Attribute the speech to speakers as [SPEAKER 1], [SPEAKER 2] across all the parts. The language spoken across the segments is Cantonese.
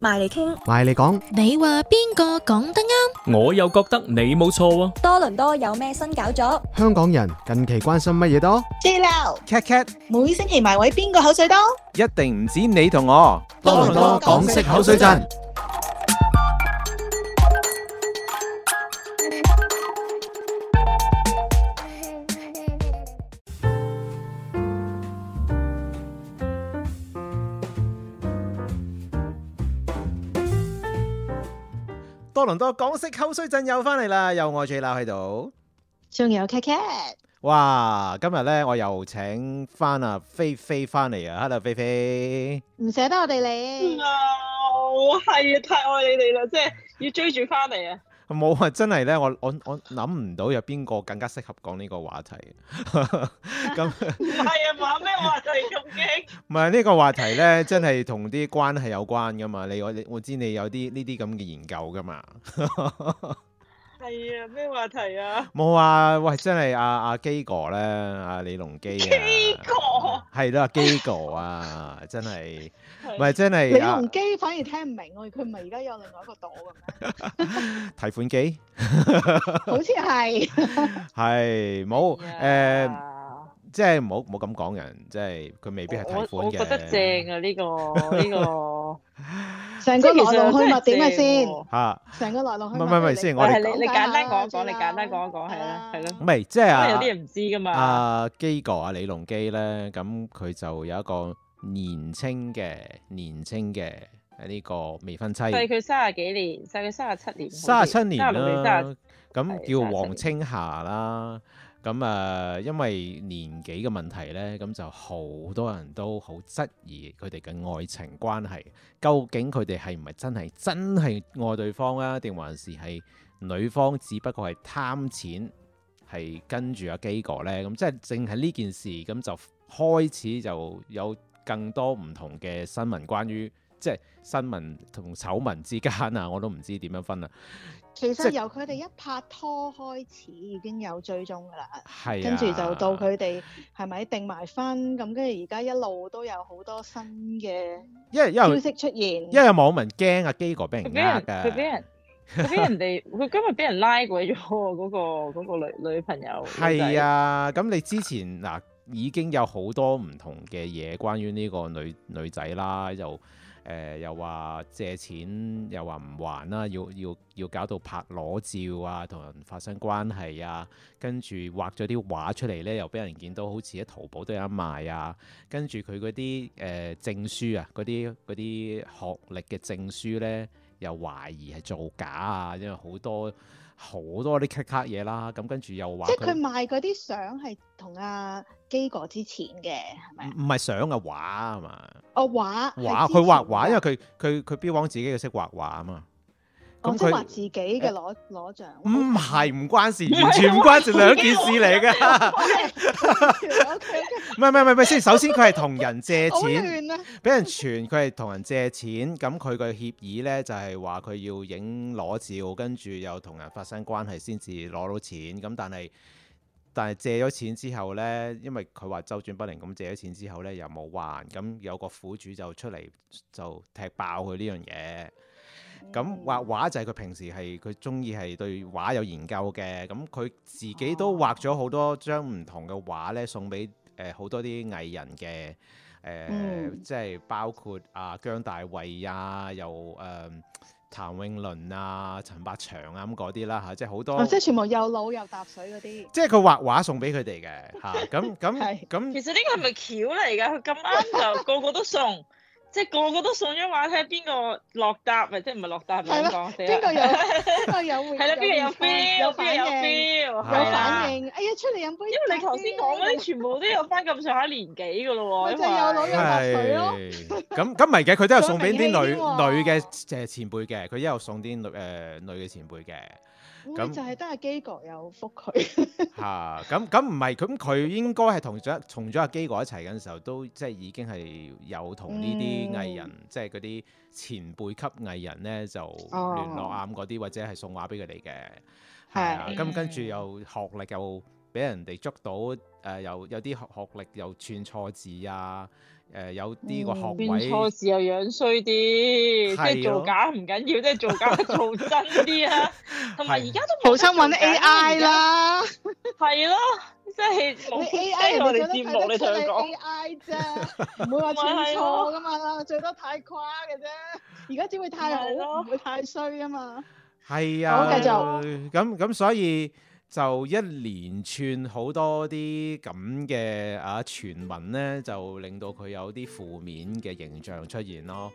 [SPEAKER 1] 埋嚟傾，埋嚟講，你話邊個講得啱？我又覺得你冇錯。
[SPEAKER 2] 多倫多有咩新搞作？
[SPEAKER 1] 香港人近期關心乜嘢多
[SPEAKER 2] ？JLau、Kat Kat，每星期埋位邊個口水多？
[SPEAKER 1] 一定唔止你同我。多倫多港式口水陣。多倫多港式口水陣又翻嚟啦，又愛住你喺度，
[SPEAKER 2] 仲有 Kat Kat
[SPEAKER 1] 哇！今日咧，我又請翻阿菲菲翻嚟，啊芬芬，hello 菲菲，
[SPEAKER 2] 唔捨得我哋你啊，
[SPEAKER 3] 我係啊，太愛你哋啦，即係要追住翻嚟啊！
[SPEAKER 1] 冇啊！真係咧，我我我諗唔到有邊個更加適合講呢個話題。咁係啊，話咩話題仲驚？唔係呢個話題咧，真係同啲關係有關噶嘛？你我我知你有啲呢啲咁嘅研究噶嘛？
[SPEAKER 4] 係 啊，
[SPEAKER 1] 咩話題啊？冇啊！喂，真係阿阿基哥咧，阿、啊、李龍基、啊。基
[SPEAKER 2] 哥
[SPEAKER 1] 係啦， 基哥啊，真係。唔係真係李龍
[SPEAKER 2] 基反而聽唔明，佢唔係而家有另外一個賭
[SPEAKER 1] 嘅咩？提款機，好似
[SPEAKER 2] 係，
[SPEAKER 1] 係冇誒，即係唔好唔好咁講人，即係佢未必係提款嘅。我我覺
[SPEAKER 3] 得正啊，呢個呢個成個來龍去脈點嘅先吓，成個來龍去脈唔係唔係先，我哋你你簡單講一講，你簡單講一講，係啦，係啦。
[SPEAKER 1] 唔係即係啊，有啲人唔
[SPEAKER 3] 知噶嘛。啊，
[SPEAKER 1] 基哥啊，李龍基咧，咁佢就有一個。年青嘅年青嘅喺呢個未婚妻，細佢
[SPEAKER 3] 三十幾年，細佢、啊啊、三十七年，三十七年啦。
[SPEAKER 1] 咁叫王青霞啦。咁誒的、呃，因為年紀嘅問題咧，咁就好多人都好質疑佢哋嘅愛情關係。究竟佢哋係唔係真係真係愛對方啊？定還是係女方只不過係貪錢，係跟住阿基哥咧？咁即係正係呢件事，咁就開始就有。更多唔同嘅新聞，關於即係新聞同醜聞之間啊，我都唔知點樣分啊。
[SPEAKER 2] 其實由佢哋一拍拖開始已經有追蹤噶啦，
[SPEAKER 1] 啊、跟住就到
[SPEAKER 2] 佢哋係咪定埋婚
[SPEAKER 3] 咁，跟住而家一路都有好多新嘅，因為
[SPEAKER 1] 因為消息出現，因為，因為有網民驚阿基哥俾人，人，俾人佢俾人佢俾
[SPEAKER 3] 人哋，佢今日俾人拉鬼咗嗰個、嗰個女女朋友。係
[SPEAKER 1] 啊，咁你之前嗱。已經有好多唔同嘅嘢，關於呢個女女仔啦，又誒、呃、又話借錢，又話唔還啦，要要要搞到拍裸照啊，同人發生關係啊，跟住畫咗啲畫出嚟呢，又俾人見到好似喺淘寶都有得賣啊，跟住佢嗰啲誒證書啊，嗰啲啲學歷嘅證書呢，又懷疑係造假啊，因為好多。好多啲卡卡嘢啦，咁跟住又畫。即係佢
[SPEAKER 2] 賣嗰啲相，係同阿基哥之前嘅，
[SPEAKER 1] 係咪？唔係相啊，畫啊嘛？
[SPEAKER 2] 哦，畫畫，佢
[SPEAKER 1] 畫畫，因為佢佢佢標榜自己又識畫畫啊嘛。
[SPEAKER 2] 講佢、哦、自己嘅
[SPEAKER 1] 攞攞獎，唔係唔關事，完全唔關事 兩件事嚟
[SPEAKER 2] 㗎。
[SPEAKER 1] 唔係唔係唔係先，首先佢係同人借錢，俾、 啊、人傳佢係同人借錢。咁佢個協議咧就係話佢要影裸，裸照，跟住又同人發生關係先至攞到錢。咁但係但係借咗錢之後咧，因為佢話周轉不靈，咁借咗錢之後咧又冇還，咁有個苦主就出嚟就踢爆佢呢樣嘢。咁、嗯、畫畫就係佢平時係佢中意係對畫有研究嘅，咁佢自己都畫咗好多張唔同嘅畫咧，送俾誒好多啲藝人嘅誒，呃嗯、即係包括阿、啊、姜大衛啊，又誒、呃、譚詠麟啊、陳百祥啊咁嗰啲啦嚇，即係好多，啊、即係全部又
[SPEAKER 2] 老
[SPEAKER 3] 又搭水嗰
[SPEAKER 1] 啲，即係佢畫畫送俾佢哋嘅嚇，咁咁咁，
[SPEAKER 3] 是其實呢個係咪橋嚟㗎？佢咁啱就個個都送。 即係個個都送咗話睇下邊個落答，咪即係唔係落答係點講？邊個有？邊個有？係啦，邊個有 feel？邊個有 feel？有反應。哎呀，出嚟飲杯。因為你頭先講嗰啲全部都有翻咁上下年紀㗎咯喎，佢就有攞有
[SPEAKER 4] 落水咯。
[SPEAKER 1] 咁咁唔係嘅，佢都係送俾啲女女嘅誒前輩嘅，佢一路送啲女誒女嘅前輩嘅。
[SPEAKER 2] 咁就
[SPEAKER 1] 係得阿基哥有覆佢。嚇，咁咁唔係，咁佢應該係同咗從咗阿基哥一齊嘅時候，都即係已經係有同呢啲藝人，嗯、即係嗰啲前輩級藝人咧，就聯絡、哦、啊，嗰啲或者係送話俾佢哋嘅。係啊，咁、嗯、跟住又學歷又俾人哋捉到，誒、呃，又有啲學學歷又串錯字啊。誒、呃、有啲個學位，嗯、初的做錯事
[SPEAKER 3] 又樣衰啲，即係做假唔緊要，即係做假做真啲啊！同埋而家都冇心揾 AI 啦，係咯，即係你 AI，我哋節目你同佢講
[SPEAKER 2] AI 啫，唔 會話出錯噶嘛， 最多太誇嘅啫。而家只會太好，唔會太衰啊嘛。
[SPEAKER 1] 係啊的，好繼續，咁咁所以。就一連串好多啲咁嘅啊傳聞呢，就令到佢有啲負面嘅形象出現咯。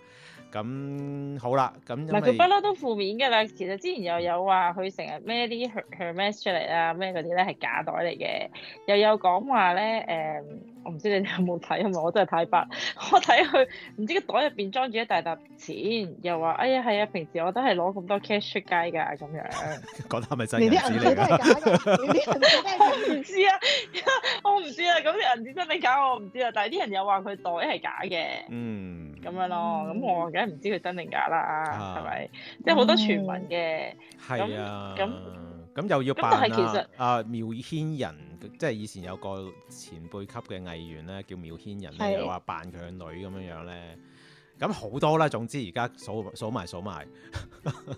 [SPEAKER 1] 咁、嗯、好啦，咁、嗯、就。係佢不嬲
[SPEAKER 3] 都負面嘅啦。其實之前又有話佢成日孭啲 Hermes 出嚟啊，咩嗰啲咧係假袋嚟嘅。又有講話咧，誒、嗯，我唔知你有冇睇，吖嘛，我真係太白。我睇佢唔知個袋入邊裝住一大沓錢，又話哎呀係啊，平時我都係攞咁多 cash 出街㗎咁樣。講 得係
[SPEAKER 1] 咪真啲銀紙嚟
[SPEAKER 3] 㗎？我唔知啊，我唔知啊，咁啲銀紙真定假我唔知啊。但係啲人又話佢袋係假嘅，嗯。咁樣咯，咁我梗係唔知佢真定假啦，係咪、啊？即係好多傳聞嘅。係、嗯、那啊，咁
[SPEAKER 1] 咁那又要扮、啊。扮，但係其實啊，繆騫人即係以前有個前輩級嘅藝員咧，叫繆騫人，又話的扮佢嘅女咁樣樣咧。咁好多啦，總之而家數數埋數埋。數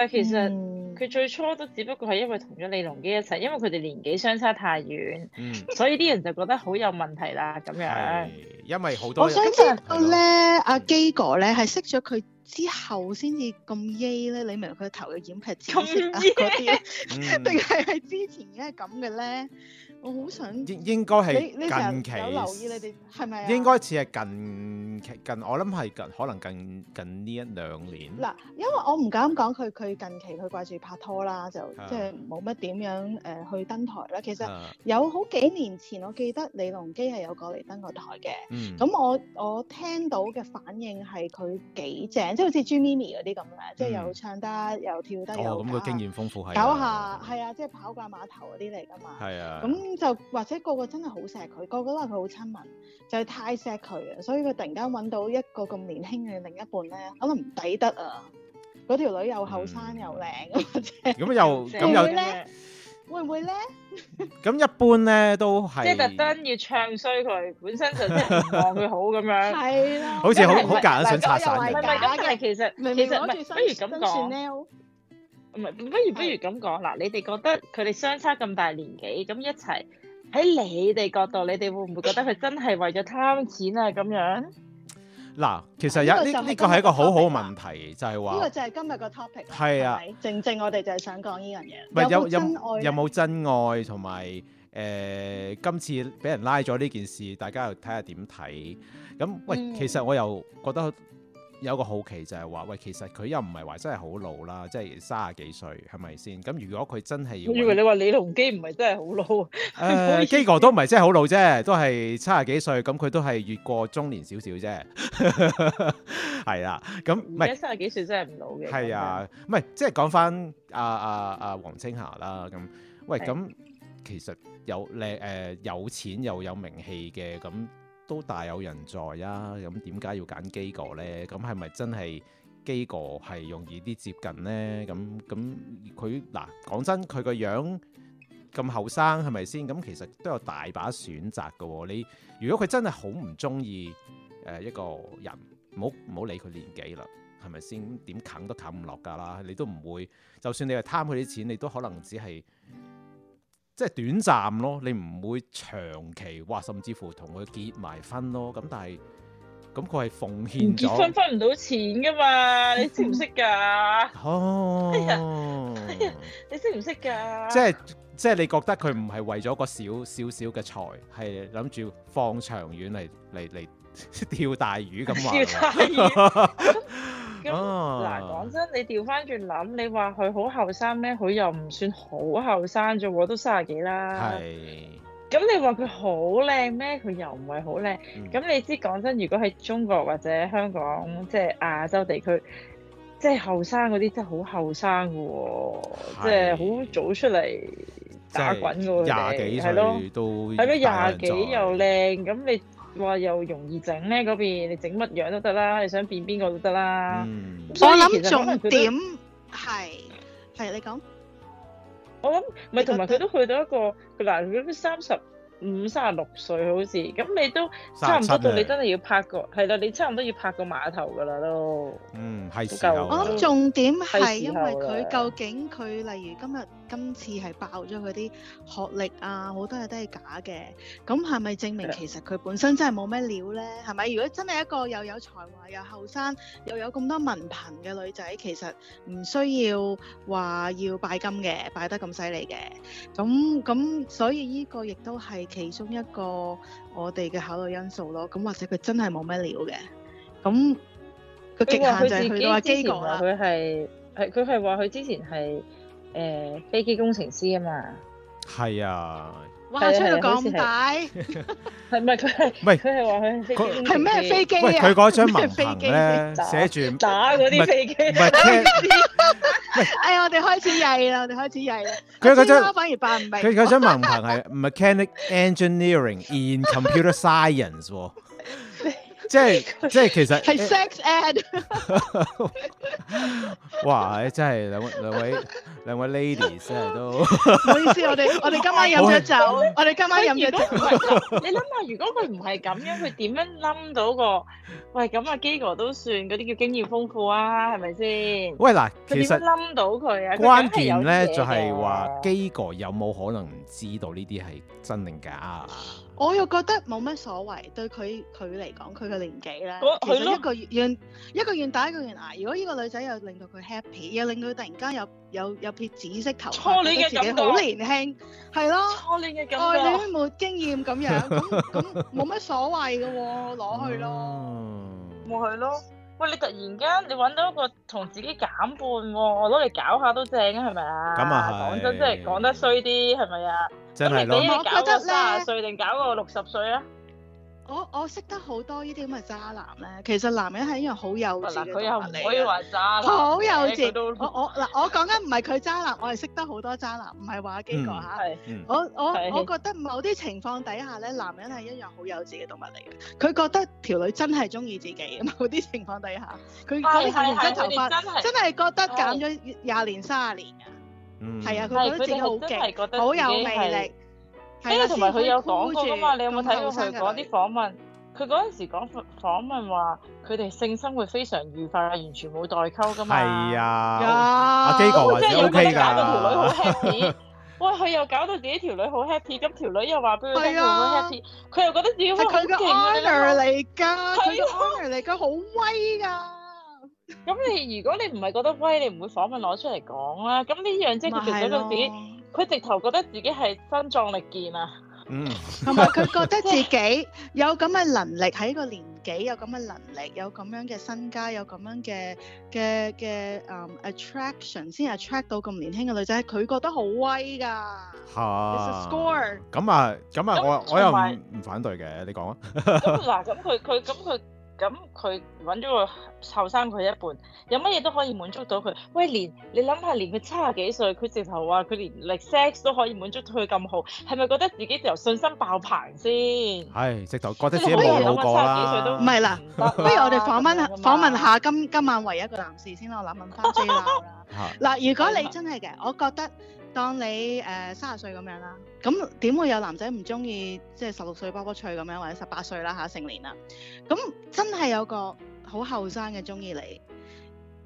[SPEAKER 3] 但其實佢最初都只不過係因為同咗李龍基一齊，因為佢哋年紀相差太遠，嗯、所以啲人就覺得好有問題啦咁樣。因為好多，我想知
[SPEAKER 2] 道咧，阿、嗯啊、基哥咧係識咗佢之後先至咁耶咧，你明唔明佢頭嘅掩蔽字啊？嗰啲定係係之前已經咁嘅咧？我好想應應該係近期有留意你哋係咪啊？應該
[SPEAKER 1] 似係近期近我諗係近可能近近呢一兩年嗱，
[SPEAKER 2] 因為我唔敢講佢佢近期佢掛住拍拖啦，就即係冇乜點樣誒去登台啦。其實有好幾年前，我記得李龍基係有過嚟登過台嘅。咁我我聽到嘅反應係佢幾正，即係好似朱咪咪嗰啲咁樣，即係又唱得又跳得又跑。哦，
[SPEAKER 1] 咁佢經驗豐富係。搞
[SPEAKER 2] 下係啊，即係跑慣碼頭嗰啲嚟㗎嘛。
[SPEAKER 1] 係啊，
[SPEAKER 4] 咁。
[SPEAKER 2] 咁就或者個個真係好錫佢，個個都話佢好親民，就係太錫佢啊！所以佢突然間揾到一個咁年輕嘅另一半咧，可能唔抵得啊！嗰條女又後生又靚，
[SPEAKER 1] 咁又咁又會唔會咧？咁一般咧都係即係特
[SPEAKER 3] 登要唱衰佢，本身就即係望佢好咁樣，係啦，好似好好夾想拆散，唔係唔係咁，但係其實其實不如咁 channel。唔係，不如不如咁講啦！你哋覺得佢哋相差咁大年紀，咁一齊喺你哋角度，你哋會唔會覺得佢真係為咗貪錢啊？咁樣
[SPEAKER 1] 嗱，其實有呢呢個係一個好好嘅問題，就係話呢個就
[SPEAKER 2] 係今日個 topic 係啊，正正我哋就係想講呢樣嘢。唔係有有有
[SPEAKER 1] 冇真愛同埋誒，今次俾人拉咗呢件事，大家又睇下點睇？咁喂，其實我又覺得。有個好奇就係話，喂，其實佢又唔係話真係好老啦，即係三十幾歲，係咪先？咁如果佢真係要，我以為你
[SPEAKER 3] 話李龍基唔係真係好老，基
[SPEAKER 1] 哥都唔係真係好老啫，都係七十幾歲，咁佢都係越過中年少少啫，係啦。咁唔係而家三十幾
[SPEAKER 3] 歲真係唔老
[SPEAKER 1] 嘅。係啊，唔係即係講翻阿阿阿王青霞啦。咁喂，咁其實有靚誒有錢又有名氣嘅咁。都大有人在啊，咁點解要揀基哥呢？咁係咪真係基哥係容易啲接近呢？咁咁佢嗱，講真，佢個樣咁後生係咪先？咁其實都有大把選擇㗎喎啊。你如果佢真係好唔中意誒一個人，唔好理佢年紀啦，係咪先？點啃都啃唔落㗎啦。你都唔會，就算你係貪佢啲錢，你都可能只係。即係短暫咯，你唔會長期，或甚至乎同佢結埋婚咯。咁但係，咁佢係奉獻咗。唔結婚
[SPEAKER 3] 分唔到錢㗎嘛？
[SPEAKER 1] 你識唔識㗎？哦，哎哎、你
[SPEAKER 3] 識唔
[SPEAKER 1] 識㗎？即係即係，你覺得佢唔係為咗個少少少嘅財，係諗住放長遠嚟嚟嚟釣大魚咁話。釣大魚。
[SPEAKER 3] 咁嗱，講真，你調翻轉諗，你話佢好後生咩？佢又唔算好後生啫喎，都三十幾啦。係。咁你話佢好靚咩？佢又唔係好靚。咁你知講真，如果喺中國或者香港，即係亞洲地區，即係後生嗰啲，真係好後生㗎喎，即係好早出嚟打滾嘅喎，廿幾歲都係咯，廿幾又靚，咁你？話又容易整咧，嗰邊你整乜樣都得啦，你想變邊個都得啦。我諗、嗯、重點係係你講，我諗唔係同埋佢都去到一個，嗱佢都三十五三十六歲好似，咁你都差唔多到你真係要拍個係啦、嗯，你差唔多要拍個碼頭噶啦都。嗯，
[SPEAKER 1] 係
[SPEAKER 2] 夠。都夠我諗重點係因為佢究竟佢例如今日。今次係爆咗佢啲學歷啊，好多嘢都係假嘅。咁係咪證明其實佢本身真係冇咩料呢？係咪？如果真係一個又有才華又後生又有咁多文憑嘅女仔，其實唔需要話要拜金嘅，拜得咁犀利嘅。咁咁，所以呢個亦都係其中一個我哋嘅考慮因素咯。咁或者佢真係冇咩料嘅。咁佢說極限就係佢話基哥話
[SPEAKER 3] 佢係係佢係話佢之前係。誒飛機工程師啊嘛，
[SPEAKER 1] 係啊，
[SPEAKER 4] 哇出到咁大，係
[SPEAKER 3] 咪佢
[SPEAKER 1] 係？
[SPEAKER 4] 唔係
[SPEAKER 3] 佢係話佢飛機，
[SPEAKER 4] 係咩
[SPEAKER 2] 飛機啊？佢嗰張文憑咧寫
[SPEAKER 1] 住打嗰啲飛機，唔
[SPEAKER 2] 係，唔係，喂！哎呀，我哋開始曳啦，我哋開始曳啦。佢嗰張，佢嗰張
[SPEAKER 1] 文憑係 Mechanical Engineering in Computer Science 喎。即係即係其實係
[SPEAKER 2] sex
[SPEAKER 1] ad，哇！真係兩位兩位兩位 ladies 真係都唔
[SPEAKER 2] 好意思，我哋我哋今晚飲咗酒，我哋今晚飲咗。如果
[SPEAKER 3] 唔係，你諗下，如果佢唔係咁樣，佢點樣冧到個？喂，咁啊，基哥都算嗰啲叫經驗豐富啊，係咪先？喂嗱，其實冧到佢啊！關鍵
[SPEAKER 1] 咧就係話，基哥有冇可能唔知道呢啲係真定假啊？
[SPEAKER 2] 我又覺得冇乜所謂，對佢佢嚟講，佢嘅年紀咧，喔、其實一個願願的一個願打一個願挨。如果呢個女仔又令到佢 happy，又令到佢突然間有有有撇紫色頭，初覺，覺得自己好年輕，係咯，
[SPEAKER 3] 初戀嘅感覺，愛戀
[SPEAKER 2] 冇經驗咁樣，咁咁冇乜所
[SPEAKER 3] 謂嘅喎，攞去咯，冇去咯。 嗯 喂，你突然間你揾到一個同自己減半喎、哦，我攞嚟搞下都正啊，係咪啊？咁啊是，講真即係講得衰啲，係咪啊？
[SPEAKER 2] 咁你是你搞
[SPEAKER 3] 個卅歲定搞個六十歲啊？我我識得
[SPEAKER 2] 好多呢啲咁嘅渣男咧，其實男人係一樣好幼稚嘅動物嚟，佢又唔可以話渣男，好幼稚。都我我嗱，我講緊唔係佢渣男，我係識得好多渣男，唔係話阿基哥吓。我我是我覺得某啲情況底下咧，男人係一樣好幼稚嘅動物嚟嘅。佢覺得條女真係中意自己，某啲情況底下，佢嗰啲真係真係真係覺得減咗廿年三十年啊！是年嗯，
[SPEAKER 3] 係啊，佢覺得自己好勁，好有魅力。
[SPEAKER 2] 呢個同埋佢有講過噶嘛？你有冇睇過佢講啲
[SPEAKER 3] 訪問？佢嗰陣時講訪問話，佢哋性生活非常愉快，完全冇代溝噶嘛？係啊，阿基哥話就 O K 㗎。即係又搞到條女好 happy，喂，佢又搞到自己條女好 happy，咁條女又話俾佢聽好 happy，佢又覺得自己好勁㗎啦。係佢個 honor 嚟㗎，佢個 honor 嚟㗎，
[SPEAKER 2] 好威㗎。
[SPEAKER 3] 咁你如果你唔係覺得威，你唔會訪問攞出嚟講啦。咁呢樣即係佢做咗到自己。佢直頭覺得自己係身壯力健
[SPEAKER 2] 啊，同埋佢覺得自己有咁嘅能力喺 個年紀有咁嘅能力，有咁樣嘅身家，有咁樣嘅嘅嘅誒 attraction 先係 attract 到咁年輕嘅女仔，佢覺得好威㗎嚇
[SPEAKER 1] ，score 咁啊咁啊，啊啊啊那我有我又唔有反對嘅，你講 啊。嗱
[SPEAKER 3] 咁佢佢咁佢。啊啊啊咁佢揾咗個後生佢一半，有乜嘢都可以滿足到佢。喂，連你諗下，連佢七十幾歲，佢直頭話佢連力 sex 都可以滿足到佢咁好，係咪覺得自己就信心爆棚先？
[SPEAKER 1] 係、哎，直頭覺得
[SPEAKER 3] 自己七好過歲都
[SPEAKER 2] 唔係啦，不如我哋訪問 訪問下，訪問下今今晚唯一一個男士先啦，我諗問翻 J 啦。嗱、 啊，如果你真係嘅，我覺得。當你誒、呃、三十歲咁樣啦，咁點會有男仔唔中意即係十六歲卜卜脆咁樣，或者十八歲啦嚇成年啦，咁真係有個好後生嘅中意你，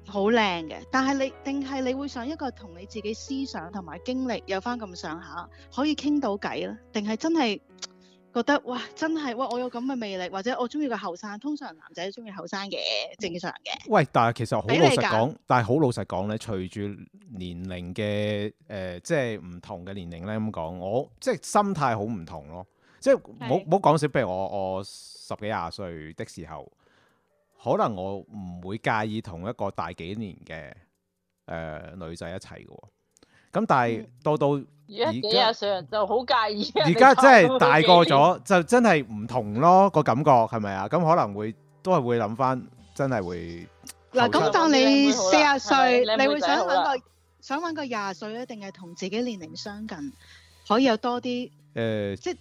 [SPEAKER 2] 好靚嘅，但係你定係你會想一個同你自己思想同埋經歷有翻咁上下可以傾到偈咧，定係真係？覺得哇，真係哇！我有咁嘅魅力，或者我中意個後生。通常男仔都中意後生嘅，正常
[SPEAKER 1] 嘅。喂，但係其實好老實講，但係好老實講咧，隨住年齡嘅誒、呃，即係唔同嘅年齡咧咁講，我即係心態好唔同咯。即係唔好講笑，譬如我我十幾廿歲的時候，可能我唔會介意同一個大幾年嘅誒、呃、女仔一齊嘅。咁但係到到。嗯而家幾廿
[SPEAKER 3] 歲人就好介意。而家真係大個咗，
[SPEAKER 1] 就真係唔同咯、個感覺係咪啊？咁可能會都係會諗翻，真係會
[SPEAKER 3] 嗱。咁當你
[SPEAKER 2] 四啊歲，你會想搵個想搵個廿歲咧，定係同自己年齡相近，可以有多啲誒？呃、即係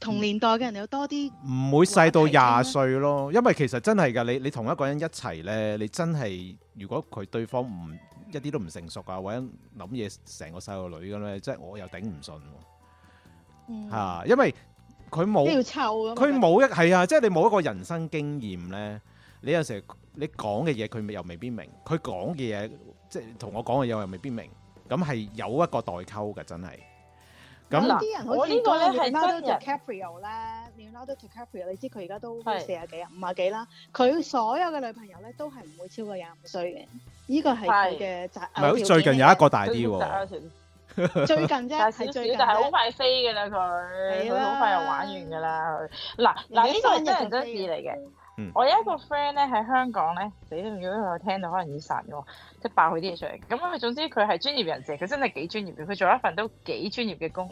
[SPEAKER 2] 同年代嘅人有多啲？
[SPEAKER 1] 唔會細到廿歲咯，因為其實真係噶，你你同一個人一齊咧，你真係如果佢對方唔。一啲都唔成熟啊，或者諗嘢成個細路女咁咧，即係我又頂唔順喎嚇，因為佢冇，
[SPEAKER 2] 佢冇一係啊，
[SPEAKER 1] 即係你冇一個人生經驗咧，你有時你講嘅嘢佢又未必明，佢講嘅嘢即係同我講嘅嘢又未必明，咁係有一個代溝㗎，真係。
[SPEAKER 2] 咁啲人，呢個咧係真嘅。to 你知佢而家
[SPEAKER 3] 都四廿幾啊，五廿幾啦。佢所有嘅女朋友咧都係唔會超過廿五歲嘅，呢個係佢嘅責任。是最近有一個大啲喎、啊，最近啫，係 最但係好快飛嘅啦，佢好快又玩完嘅啦。嗱嗱呢個人真係真事嚟嘅。嗯、我有一個 friend 咧喺香港咧，死都唔要，我聽到可能要殺喎，即爆佢啲嘢出嚟。咁因為總之佢係專業人士，佢真係幾專業嘅，佢做一份都幾專業嘅工。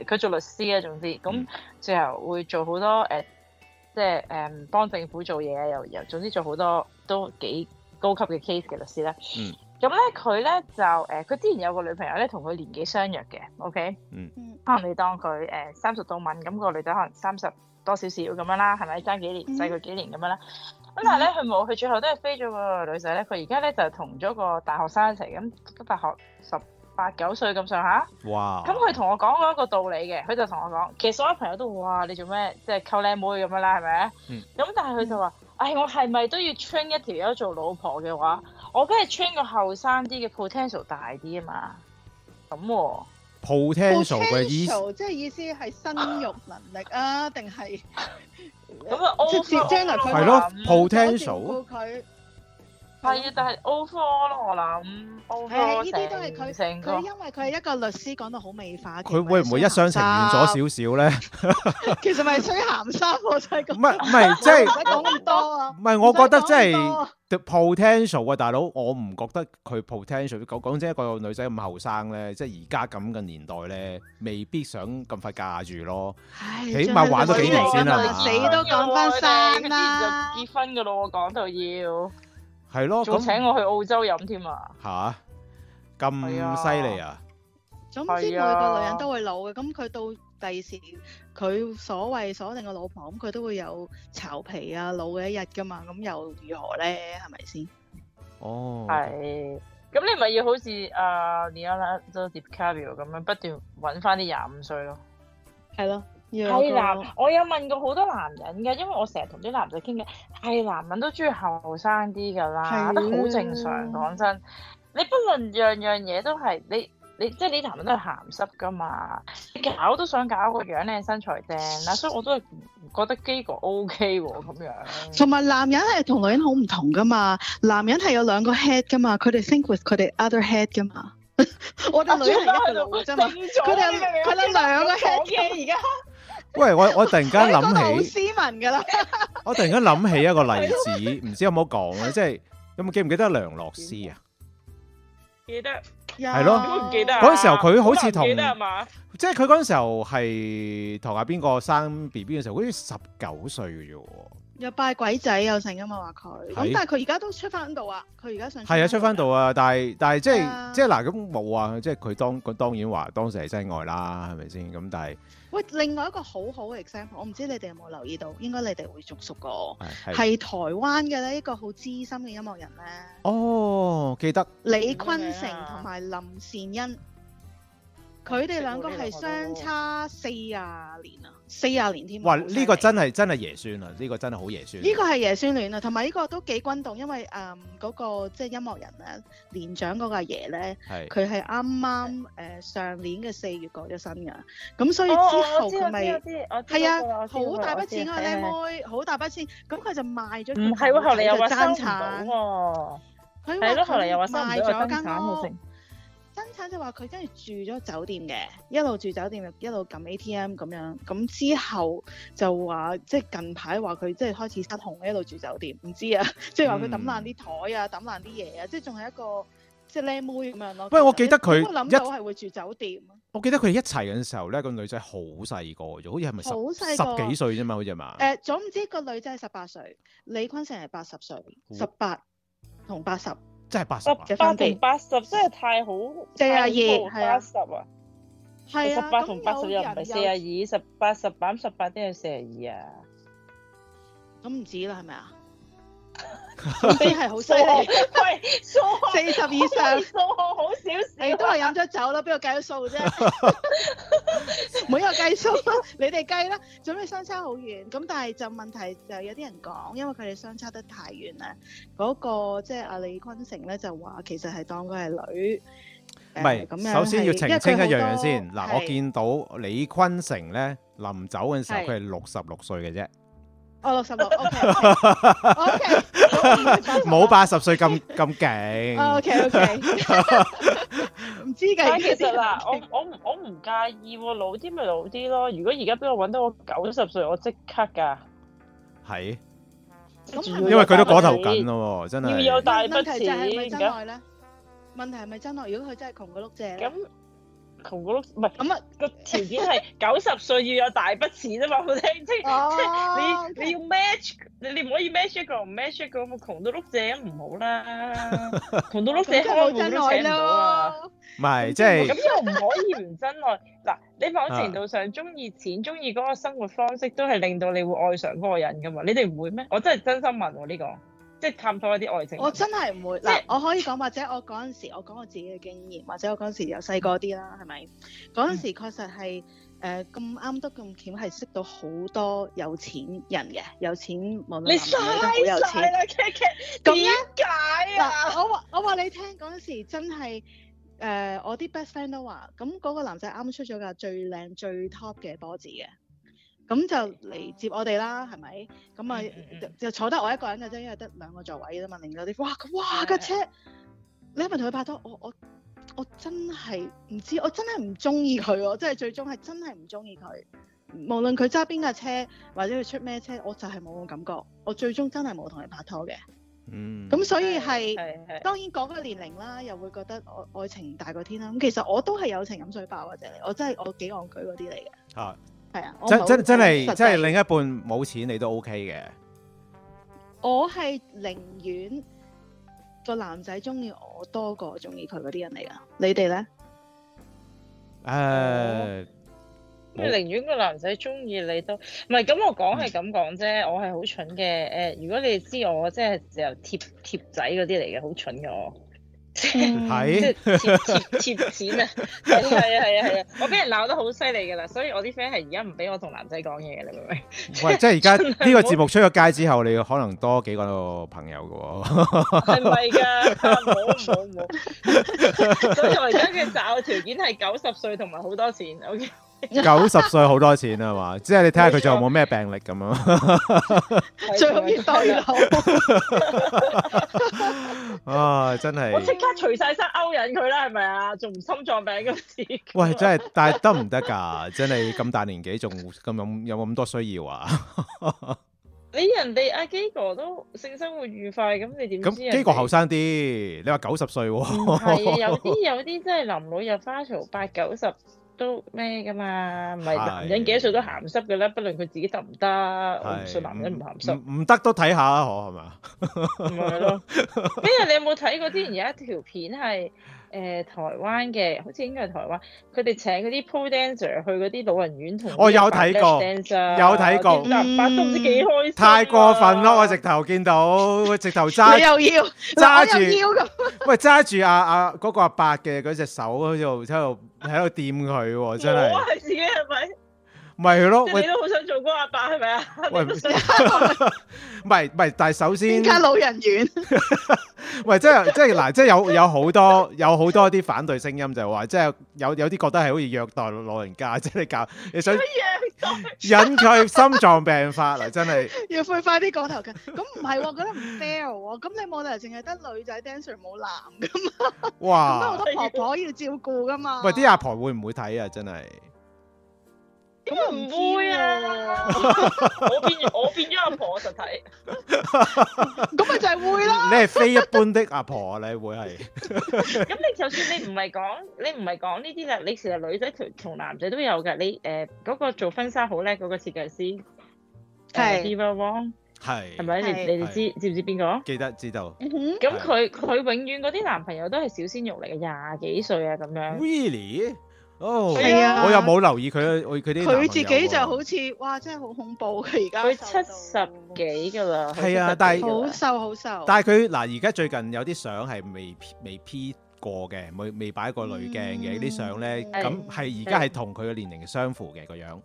[SPEAKER 3] 佢做律師啊，總之咁、嗯、最後會做好多誒、呃，即係誒、呃、幫政府做嘢啊又又，總之做好多都幾高級嘅 case 嘅律師啦、嗯嗯。嗯。咁咧佢咧就誒，佢之前有個女朋友咧，同佢年紀相若嘅。OK。嗯。嗯呃那
[SPEAKER 4] 個、
[SPEAKER 3] 可能你當佢誒三十到敏，咁個女仔可能三十多少少咁樣啦，係咪爭幾年細佢幾年咁樣啦？咁但係咧佢冇，佢最後都係飛咗個女仔咧。佢而家咧就同咗個大學生一齊，咁讀緊大學十八九歲咁上下，
[SPEAKER 4] 啊、哇！咁
[SPEAKER 3] 佢同我講過一個道理嘅，佢就同我講，其實所有朋友都話你做咩即係溝靚妹咁樣啦，係咪啊？咁、嗯、但係佢就話，唉、哎，我係咪都要 train 一條友做老婆嘅話，我梗係 train 個後生啲嘅 potential 大啲啊嘛？咁喎、
[SPEAKER 1] 啊、potential 嘅意即
[SPEAKER 3] 係意思係生育能力
[SPEAKER 2] 啊，定係咁直接 general 係
[SPEAKER 1] 咯 potential？
[SPEAKER 2] 係啊，但係 O 科咯，我諗 O 科成個，成個。佢因為佢係一個律師，講到好美化。佢會唔會一廂情願咗少少咧？其實咪吹咸沙貨仔咁。唔係唔係，即係唔使講咁多啊。唔係，我覺得即
[SPEAKER 1] 係 potential 啊，大佬，我唔覺得佢 potential。講講真，一個女仔咁後生咧，即係而家咁嘅年代咧，未必想咁快嫁住咯。起碼玩咗幾年先啦，死都講翻生啦。結婚噶
[SPEAKER 3] 咯，我講到要。
[SPEAKER 1] 係咯，咁請我
[SPEAKER 3] 去澳洲飲添啊！
[SPEAKER 1] 嚇，咁犀利啊！
[SPEAKER 3] 總之每個女人都
[SPEAKER 2] 會老嘅，咁佢到第時，佢所謂鎖定嘅老婆，咁佢都會有
[SPEAKER 3] 巢皮啊、老嘅一日噶嘛，咁又如何咧？係咪先？哦，係。咁你咪要好似阿里安納度狄卡比奧咁樣不斷揾翻啲廿五歲咯，係咯。係男，我有問過好多男人㗎，因為我成日同啲男仔傾偈，係男人都中意後生啲㗎啦，的都好正常。講真，你不能樣樣嘢都係你，你即係你男人都係鹹濕㗎嘛，搞都想搞個樣靚身材正啦，所以我都係覺得基哥 OK 喎、啊，咁樣。
[SPEAKER 2] 同埋男人係同女人好唔同㗎嘛，男人係有兩個 head 㗎嘛，佢哋 think with 佢哋 other head 㗎嘛。
[SPEAKER 3] 我哋女人一個啫嘛，佢哋佢哋兩個 head 嘅而
[SPEAKER 2] 家。喂，我我突然間諗起，斯文噶喇
[SPEAKER 1] 我突然間諗起一個例子，唔 知有冇講咧，即係有冇記唔記得梁洛施啊？
[SPEAKER 3] 記得，係咯，嗰陣、啊、時候佢好似同，
[SPEAKER 1] 記得即係佢嗰陣時候係同阿邊個生 B B 嘅時候，好似十九歲嘅啫，又
[SPEAKER 2] 拜鬼仔又成噶嘛，話佢，咁是但係佢而家
[SPEAKER 1] 都出翻度啊，佢而家係啊，出翻度啊，但係但係即係即係嗱咁冇啊，即係佢當佢當然話當時係真愛啦，係咪先咁，但係。
[SPEAKER 2] 喂，另外一個好好嘅 example，我唔知你哋有冇留意到，應該你哋會熟熟個，係台灣嘅咧一個好資深嘅音樂人咧。
[SPEAKER 1] 哦，記得
[SPEAKER 2] 李坤城同埋林善恩佢哋兩個係相差四啊年啊。哦四廿年添，哇！呢、
[SPEAKER 1] 這個真係真係爺孫啊，呢、這個真係好爺孫。呢個
[SPEAKER 2] 係爺孫戀啊，同埋呢個都幾轟動，因為誒嗰、嗯那個即係音樂人咧年長嗰個阿爺咧，佢係啱啱誒上年嘅四月過咗身㗎，咁所以之後佢咪係啊好大筆錢嗰個靚妹，好的大筆錢，咁佢就賣咗佢，唔係喎，後來又話爭產
[SPEAKER 3] 喎，係咯，後來又話、嗯、賣咗間屋。
[SPEAKER 2] 生產就話佢真係住咗酒店嘅，一路住酒店一路撳 ATM 咁樣，咁之後就話即係近排話佢即係開始失控一路住酒店，唔知啊、嗯、啊、啊，即係話佢抌爛啲台啊，抌爛啲嘢啊，即係仲係一個即係靚妹咁樣咯。喂，我記得佢，我諗到係會住酒店。我記得佢一
[SPEAKER 1] 齊嘅時候咧，個女仔好細個好似係咪好細十幾歲啫嘛，好似係嘛？
[SPEAKER 2] 誒、呃，總之個女仔係十八歲，李坤城係八十歲，十八同八十。八十
[SPEAKER 3] 八同八十真係、啊、太好，四十二係啊，
[SPEAKER 2] 八
[SPEAKER 3] 十啊，係十八十又唔係四十二，十八十八、十八都要四十二啊，咁唔止啦係咪啊？你係
[SPEAKER 2] 好犀利，數 四十以上，數數 數好少少、啊。 你都係飲咗酒啦，邊個計咗數啫？每個計數，你哋計啦。咁你相差好遠。咁但係就問題就有啲人講，因為佢哋相差得太遠啦。嗰、那個即係阿李坤城咧，就話其實係當佢係女。唔係是，咁樣首先要澄清一樣樣先。嗱，我見
[SPEAKER 1] 到李坤城咧臨走嘅時候，佢係六十六歲嘅啫。
[SPEAKER 4] 我六
[SPEAKER 1] 十六，OK，OK，冇八十歲咁咁勁。
[SPEAKER 4] OK，OK，
[SPEAKER 3] 唔知噶，其實嗱，我我我唔介意，老啲咪老啲咯。如果而家畀我搵到我九十歲，我即刻噶。
[SPEAKER 1] 係是。因為佢都嗰頭緊咯，真係。要有
[SPEAKER 3] 大筆錢。
[SPEAKER 2] 咁。問題係咪真愛？如果佢真係窮個碌蔗咧。嗯
[SPEAKER 3] 窮到碌，唔係咁啊個條件係九十歲要有大筆錢吖嘛，好聽，即係即係，你你要 match，你你唔可以 match 一個唔 match 一個咁，窮到碌借唔好啦，窮到碌借開冇真愛咯，唔
[SPEAKER 1] 係即係咁又
[SPEAKER 3] 唔可以唔真愛嗱，你某程度上中意錢，中意嗰個生活方式，都係令到你會愛上嗰個人噶嘛，你哋唔會咩？我真係真心問喎呢個。即係探討一啲愛情。我
[SPEAKER 2] 真係唔會，嗱即我可以講，或者我嗰陣時我講我自己嘅經驗，或者我嗰陣時又細個啲啦，係咪？嗰陣時確實係咁啱得咁巧，係識到好多有錢人嘅，有錢無論男嘅女都好有錢。你衰曬啦 Kat Kat 點解啊？我我話你聽，嗰陣時真係誒、呃，我啲 best friend 都話，咁、那、嗰個男仔啱出咗架最靚最 top 嘅波子嘅。咁就嚟接我哋啦，係咪？咁咪就坐得我一個人嘅啫，因為得兩個座位啫嘛。另外啲哇，哇架的車！你係咪同佢拍拖？我我我真係唔知，我真係唔中意佢，我真係最終係真係唔中意佢。無論佢揸邊架車，或者佢出咩車，我就係冇咁感覺。我最終真係冇同佢拍拖嘅。嗯。咁所以係，係當然講個年齡啦，又會覺得愛愛情大過天啦。咁其實我都係有情飲水飽或者嚟，我真係我幾憨居嗰啲嚟嘅。嚇！係啊，真真真係，真係另一
[SPEAKER 1] 半冇錢你都 OK 嘅。
[SPEAKER 2] 我係寧願個男仔中
[SPEAKER 3] 意我多過中意佢嗰啲人嚟噶。
[SPEAKER 2] 你哋咧？誒、
[SPEAKER 3] 啊，我寧願、嗯、個男仔中意你都唔係咁。我講係咁講啫， 我係好蠢嘅。誒、呃，如果你知我即係就由貼貼仔嗰啲嚟嘅，好蠢噶我。我係，貼貼貼錢啊！係啊係啊係啊！我俾人鬧得好犀利噶啦，所以我啲 friend 係而家唔俾我同男仔講嘢嘅啦，你明唔明？
[SPEAKER 1] 喂，即係而家呢個節目出咗街之後，你可能多幾個朋友嘅喎、哦。
[SPEAKER 3] 係咪㗎？冇冇冇。我同而家嘅擇嘅條件係九十歲同埋好多錢。O K。九十
[SPEAKER 1] 歲好多錢係嘛？ 即係你睇下佢仲有冇咩病歷咁樣。
[SPEAKER 3] 最後一對咯。
[SPEAKER 1] 啊！真係 我即刻
[SPEAKER 3] 除晒衫勾引佢啦，係咪啊？仲唔心臟病咁似？喂，真
[SPEAKER 1] 係，但係得唔得噶？真係咁大年紀仲咁有有冇咁多需要啊？
[SPEAKER 3] 你人哋阿基哥都性生活愉快，咁你點知？咁基哥後
[SPEAKER 1] 生啲，你話九十歲？唔係，有啲
[SPEAKER 3] 有啲真係臨老入花叢，八九十。都咩㗎嘛？唔係男人幾多歲都鹹濕㗎啦，不論佢自己得唔得，是我唔信男人唔鹹濕。
[SPEAKER 1] 唔得都睇下啊！可係咪？咪
[SPEAKER 3] 係咯。因、嗯、為 你有冇睇過之前有一條片係？誒、呃、台灣嘅，好似應該係台灣，佢哋請嗰啲 pro dancer 去嗰啲老人院，同我、哦、有睇過，生有睇過，都唔知
[SPEAKER 1] 幾開心，太過分咯！嗯、我直頭見到， 直頭揸住，你又要
[SPEAKER 3] 揸住，
[SPEAKER 1] 喂，揸住，啊啊嗰個，阿阿嗰阿伯嘅嗰隻手喺度，喺度喺度掂佢喎，真係。 唔係咯，你都好
[SPEAKER 3] 想做個阿伯係咪啊？唔係
[SPEAKER 1] 唔係，是是但係首先，而家老
[SPEAKER 3] 人院
[SPEAKER 1] 喂，即係即係嗱，即係有有好多有好多啲反對聲音就係話，即係有有啲覺得係好似虐待老人家，即係搞，你想虐待，
[SPEAKER 2] 引
[SPEAKER 1] 佢心臟病發啦，真係。
[SPEAKER 2] 要佢快啲過頭嘅，咁唔係喎，覺得唔 fair 喎，咁你冇理由淨係得女仔 dancer 冇男噶嘛？哇！咁都好多婆婆要照顧噶嘛？哇喂，啲
[SPEAKER 1] 阿婆，婆會唔會睇啊？真係。點會唔
[SPEAKER 2] 會
[SPEAKER 3] 啊？我變我變咗阿婆嘅實體，咁咪就係會啦。你係非一
[SPEAKER 1] 般的阿婆啊！你會係。
[SPEAKER 3] 咁你就算你唔係講，你唔係講呢啲啦，你其實女仔同同男仔都有噶。你誒嗰個做婚紗好叻嗰個設計師係 Diva Wong，
[SPEAKER 1] 係係咪？你你哋知知唔知邊個？記得知道。
[SPEAKER 3] 咁佢佢永遠嗰啲男朋友都係小鮮肉嚟嘅，廿幾歲啊咁樣。Really？
[SPEAKER 1] 哦，係啊，我又冇留意佢，佢啲。佢自己就
[SPEAKER 3] 好似，哇！真係好恐怖佢而家。佢七十幾㗎啦。係啊，但係好瘦好瘦。但係
[SPEAKER 1] 佢嗱，而家最近有啲相係未未 P 過嘅，未未擺過濾鏡嘅、嗯、呢啲相咧，咁係而家係同佢嘅年齡相符嘅個樣。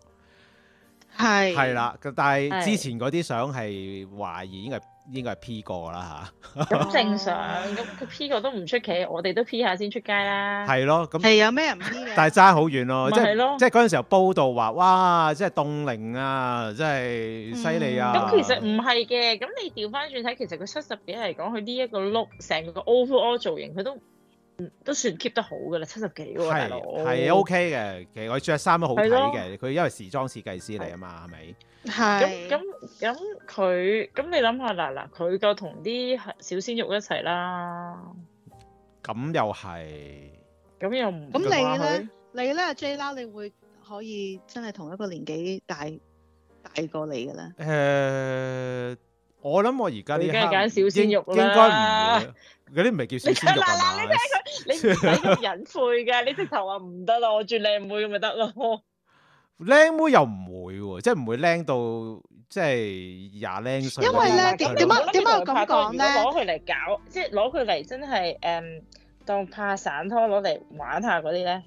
[SPEAKER 3] 係。係啦，
[SPEAKER 1] 但係之前嗰啲相係懷疑應該應該係 P 過啦嚇，咁正常，
[SPEAKER 3] 咁佢 P 過都唔出奇，我哋都 P 下先出街啦。係
[SPEAKER 1] 咯，咁 係樂、啊、有咩唔 P？但係差好遠咯、啊，即係即係嗰陣時候報道話，哇！即係凍齡啊，真係犀利啊。咁、嗯、其實唔
[SPEAKER 3] 係嘅，咁你調翻轉睇，其實佢七十幾嚟講，佢呢一個 look 成個 overall 造型佢都。都算 keep 得好嘅啦，七十幾喎，是大佬哥係 OK 嘅。其實我着
[SPEAKER 1] 衫都好睇嘅，佢是的 因為時裝設計師嚟啊嘛，係咪？
[SPEAKER 3] 係。咁咁咁佢，咁你諗下嗱嗱，佢就同啲小鮮肉一齊啦。咁又係，咁又唔咁你咧？
[SPEAKER 2] 你咧 J 啦，Jay, 你會可以真係同一個年紀大大過你嘅咧？
[SPEAKER 1] 誒、呃。我諗我而家啲應該揀小鮮肉啦，嗰啲唔係叫小鮮肉咁。嗱嗱，你
[SPEAKER 3] 睇佢，你你咁隱晦嘅，你直頭話唔得咯，我轉靚妹咁咪得咯。
[SPEAKER 1] 靚妹又唔會喎，即係唔會靚到即係廿零歲。因為咧，點點解
[SPEAKER 3] 點解咁講咧？攞佢嚟搞，即係攞佢嚟真係誒，當拍散拖攞嚟玩下嗰啲咧。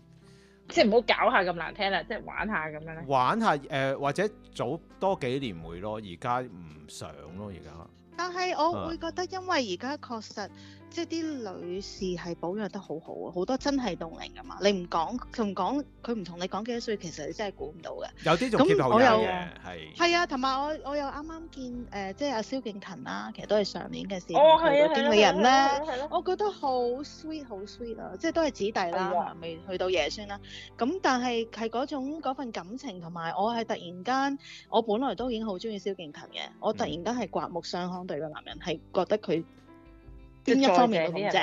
[SPEAKER 3] 即係唔好搞下咁難聽啦，即係玩下咁
[SPEAKER 1] 樣咧。玩下誒、呃，或者早多幾年會咯，而家唔想咯，而家。
[SPEAKER 2] 但係我會覺得，因為而家確實。即係啲女士係保養得好好啊，好多真係凍齡㗎嘛。你唔講，佢唔佢唔同你講幾多歲，其實你真係估唔到嘅。有啲仲結合埋嘅，係啊，同埋我我又啱啱的見誒、呃，即係阿蕭敬騰啦，其實都係上年嘅事。哦，係啊，經理人咯，係咯。我覺得好 sweet，好 sweet 啊！即係都係姐弟啦，未的去到爺孫啦。咁但係係嗰種嗰份感情，同埋我係突然間，我本來都已經好中意蕭敬騰嘅，我突然間係刮目相看對個男人，係、嗯、覺得佢。
[SPEAKER 4] 邊一方面都咁正，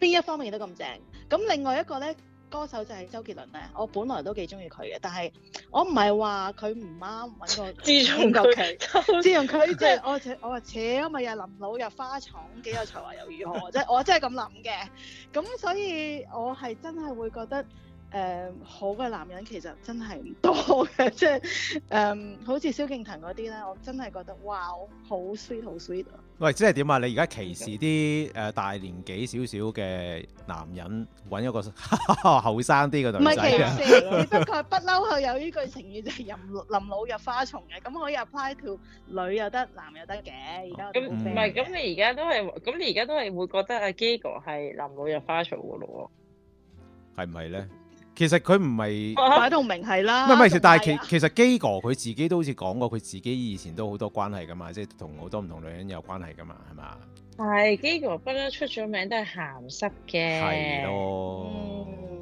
[SPEAKER 2] 邊一方面都咁正。咁另外一個咧，歌手就係周杰倫咧。我本來都幾中意佢嘅，但係我唔係話佢唔啱揾個。 自從佢他， 自從佢就係、 我我話扯咪又林老又花重幾有才華又如何啫？ 我真係咁諗嘅。咁所以我係真係會覺得。誒，um, 好嘅男人其實真係唔多嘅，即係誒，好似蕭敬騰嗰啲咧，我真係覺得哇，好 sweet，好 sweet 啊。
[SPEAKER 1] 喂，即係點啊？你而家歧視啲誒大年紀少少嘅男人，搵一個後生啲嘅女唔係歧視，只不
[SPEAKER 2] 過不嬲佢有呢句成語就係人老入花叢嘅，咁可以 apply to 女又得，男又得嘅。
[SPEAKER 4] 而家
[SPEAKER 3] 咁唔係，咁你而家都係，咁你而家都係會覺得阿基哥係人老入花叢嘅咯？喎
[SPEAKER 1] 係唔係咧？其實佢唔係
[SPEAKER 3] 擺到明係啦，唔係 但係其
[SPEAKER 1] 有其實基哥佢自己都好似講過，佢自己以前都好多關係噶嘛，即係同好多唔同女人有關係噶嘛，係嘛？
[SPEAKER 3] 係基哥不嬲出咗名都係鹹濕嘅，係咯，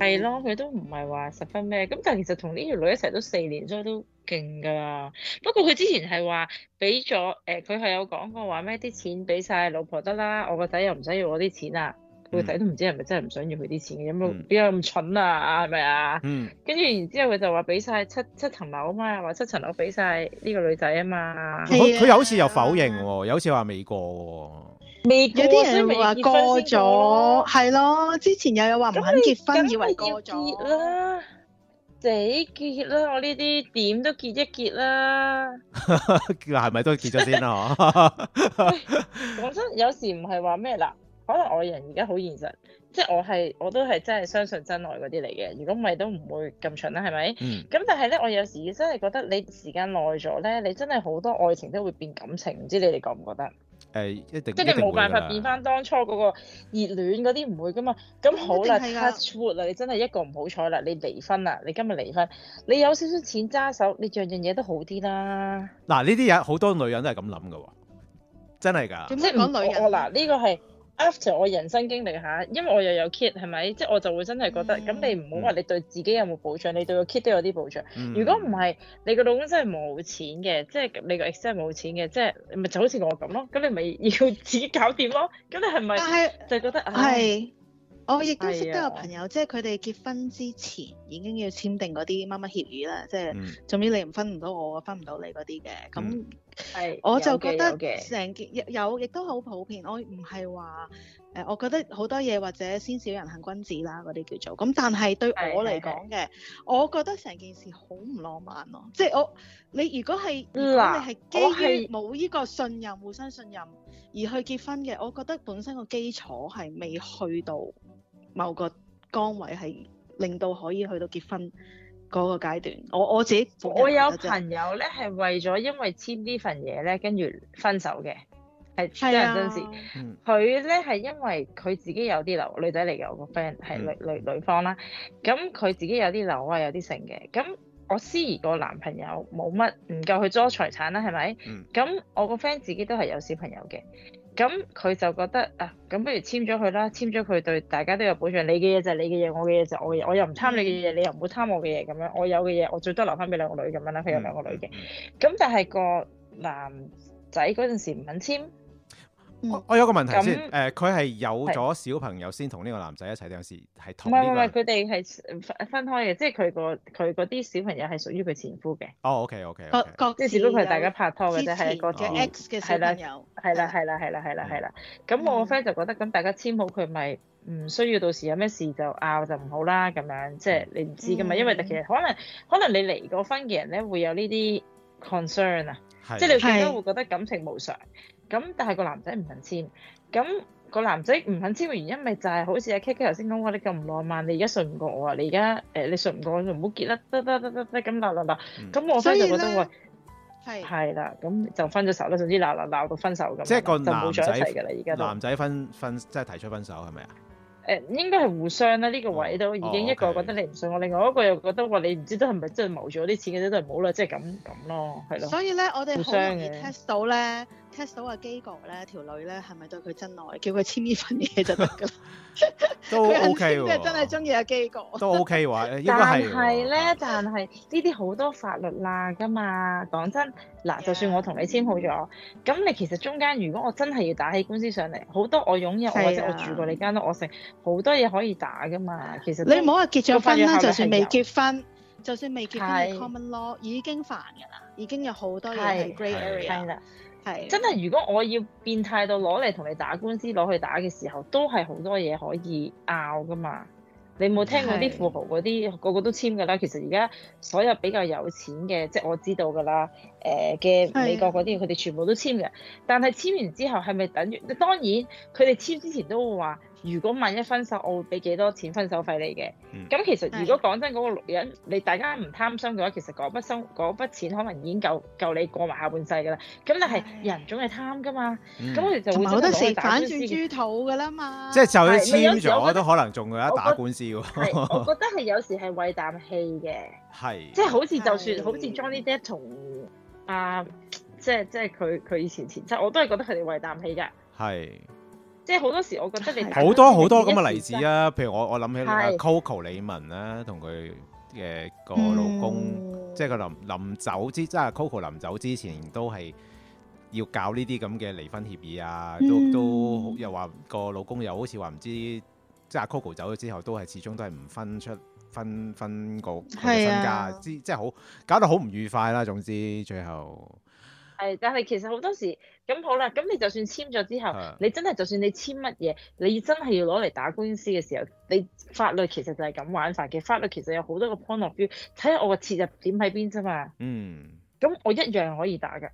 [SPEAKER 3] 係、嗯、咯，佢都唔係話十分咩，咁但係其實同呢條女一齊都四年，所以都勁噶喇。不過佢之前係話俾咗誒，佢、呃、係有講過話咩啲錢俾晒老婆得啦，我個仔又唔使要我啲錢啦。個仔、嗯、都唔知係咪真係唔想要佢啲錢，有冇，邊有咁蠢啊？係咪啊？嗯，跟住然之後佢就話俾晒七七層樓嘛，話七層樓俾晒呢個女仔啊嘛。佢佢、哦、有
[SPEAKER 1] 次又否認，啊、有次話未過，未
[SPEAKER 4] 有啲人話過咗，
[SPEAKER 2] 係咯。之前又有
[SPEAKER 3] 話唔肯結婚，以為過咗，結結啦，結結啦，我呢啲點都結一結啦。
[SPEAKER 1] 係咪都結咗先啊？我
[SPEAKER 3] 真、哎，有時唔係話咩啦。可能外人而家好現實，即係我係我都係真係相信真愛嗰啲嚟嘅。如果唔係都唔會咁蠢啦，係咪？咁、嗯、但係咧，我有時真係覺得你時間耐咗咧，你真係好多愛情都會變感情。唔知你哋覺唔覺得？
[SPEAKER 1] 誒、欸，一定即係你冇辦法變
[SPEAKER 3] 翻當初嗰個熱戀嗰啲唔會噶嘛。咁好啦，touch wood 啦，你真係一個唔好彩啦，你離婚啦，你今日離婚，你有少少錢揸手，你樣樣嘢都好啲啦。
[SPEAKER 1] 嗱，呢啲嘢好多女人係咁諗噶喎，真係㗎。點識講
[SPEAKER 3] 女人嗱？呢、呢個係。After 我人生經歷下，因為我又有 kid 係咪？即係我就會真係覺得，咁、嗯、你唔好話你對自己有冇保障，你對個 kid 都有啲保障。如果唔係，你個老公真係冇錢嘅，即係你個 ex 真係冇錢嘅，嗯、即係咪就好似我咁咯？咁你咪要自己搞掂咯？咁你係咪？但係就覺得是啊，係我亦都識得有朋
[SPEAKER 2] 友，的即係佢哋結婚之前已經要簽訂嗰啲乜乜協議啦，嗯、即係仲要你唔分唔到我，我分唔到你嗰啲嘅咁。嗯嗯係，是我就覺得成件亦有，亦都好普遍。我唔係話誒，我覺得好多嘢或者先小人行君子啦嗰啲叫做。咁但係對我嚟講嘅，我覺得成件事好唔浪漫咯。即係我，你如果係，你係基於冇呢個信任、呃、互相信任而去結婚嘅，我覺得本身個基礎係未去到某個崗位係令到可以去到結婚。嗰個階
[SPEAKER 3] 段，我我自己，我有朋友咧係為咗因為簽呢份嘢咧，跟住分手嘅，係真人真事。佢咧係因為佢自己有啲樓，女仔嚟嘅，我個 friend 係女女、嗯、女方啦。咁佢自己有啲樓啊，有啲剩嘅。咁我思怡個男朋友冇乜，唔夠佢多財產啦，係咪？咁、嗯、我個 friend 自己都係有小朋友嘅。咁佢就覺得啊，咁不如簽咗佢啦，簽咗佢對大家都有保障。你嘅嘢就係你嘅嘢，我嘅嘢就我嘅嘢，我又唔貪你嘅嘢，你又唔好貪我嘅嘢咁樣。我有嘅嘢，我最多留翻俾兩個女咁樣啦。佢有兩個女嘅，咁但係個男仔嗰陣時唔肯簽。我有個問題先，
[SPEAKER 1] 誒佢係有咗小朋友先同呢個男仔一齊訂時，係同唔係？唔係佢
[SPEAKER 3] 哋係分開嘅，即係佢個佢嗰啲小朋友係屬於佢前夫嘅。哦，OK OK。即係只不過係大家拍拖嘅啫，係各自 X 嘅小朋友。係啦，係啦，係啦，係啦，係啦。咁我個 friend 就覺得，咁大家簽好佢咪唔需要到時有咩事就拗就唔好啦。咁樣即係你唔知噶嘛，因為其實可能可能你離過婚嘅人咧，會有呢啲 concern 啊，即係你始終會覺得感情無常。咁但係個男仔唔肯簽，咁個男仔唔肯簽嘅原因咪就係好似阿 K K 頭先講話，你咁浪漫，你而家信唔過我啊，你而家誒你信唔過我，唔好結啦，得得得得得，咁鬧鬧鬧，咁我所以喂係係啦，咁就分咗手啦。總之鬧鬧鬧到分手咁，即係個男男仔
[SPEAKER 1] 分分即係提出分手係咪啊？
[SPEAKER 3] 誒，應該係互相啦，呢個位都已經一個覺得你唔信我，另外一個又覺得話你唔知都係咪真係謀咗啲錢嘅啫，都係唔好啦，即係咁咁咯，係咯。所以咧，我哋好容易 test
[SPEAKER 2] 到咧。test 到阿基哥咧，條女咧係咪對佢真愛？
[SPEAKER 3] 叫佢簽呢份嘢就得噶啦，都 OK 喎，
[SPEAKER 1] 即係真係中意阿基哥都 OK 喎。
[SPEAKER 3] 但係咧，但係呢啲好多法律啦噶嘛。講真，嗱，就算我同你簽好咗，咁你其實中間如果我真係要打起官司上嚟，好多我擁有或者我住過你間屋，我成好多嘢可以打噶嘛。其實你唔好話結咗婚啦，就算未結婚，
[SPEAKER 2] 就算未
[SPEAKER 3] 結婚，common
[SPEAKER 2] law 已經煩噶啦，
[SPEAKER 3] 已經有好多嘢係 grey area 係是真係，如果我要變態到攞嚟同你打官司，攞去打嘅時候，都係好多嘢可以拗㗎嘛。你冇聽過啲富豪嗰啲是的 個個都簽㗎啦？其實而家所有比較有錢嘅，即係我知道㗎啦。誒、呃、嘅美國嗰啲，佢哋是的 全部都簽嘅。但係簽完之後係咪等於？當然，佢哋簽之前都會話。如果萬一分手，我會俾幾多錢分手費你嘅？咁其實如果講真嗰個女人，你大家唔貪心嘅話，其實嗰筆收嗰筆錢可能已經夠夠你過埋下半世嘅啦。咁但係人總係貪噶嘛？咁我哋就會做咗啲打官司。唔係都成反轉豬肚嘅啦嘛？即係就一簽咗都
[SPEAKER 1] 可能仲有一打官司喎。我覺
[SPEAKER 3] 得係有時係為啖氣嘅。係。即係好似就算好似 Johnny Depp 同啊，即係即係佢佢以前前妻，我都係覺得佢哋為啖氣㗎。係。即係好多時，我覺得你好 多好多咁嘅例子啊！
[SPEAKER 1] 譬 如我我諗起是 Coco 李玟啊，同佢嘅個老公，嗯、即係佢臨臨走之，即係 Coco 臨走之前都係要搞呢啲咁嘅離婚協議啊！嗯、都都又話個老公又好似話唔知，即係 Coco 走咗之後，都係始終都係唔分出分分個身家，之、啊、即係好搞到好唔愉快啦，啊！總之最後。
[SPEAKER 3] 係，但係其實好多時咁好啦，咁你就算簽咗之後，啊、你真係就算你簽乜嘢，你真係要攞嚟打官司嘅時候，你法律其實就係咁玩法嘅。法律其實有好多個 point of view，睇下我個切入點喺邊啫嘛。嗯。咁我一樣可以打㗎，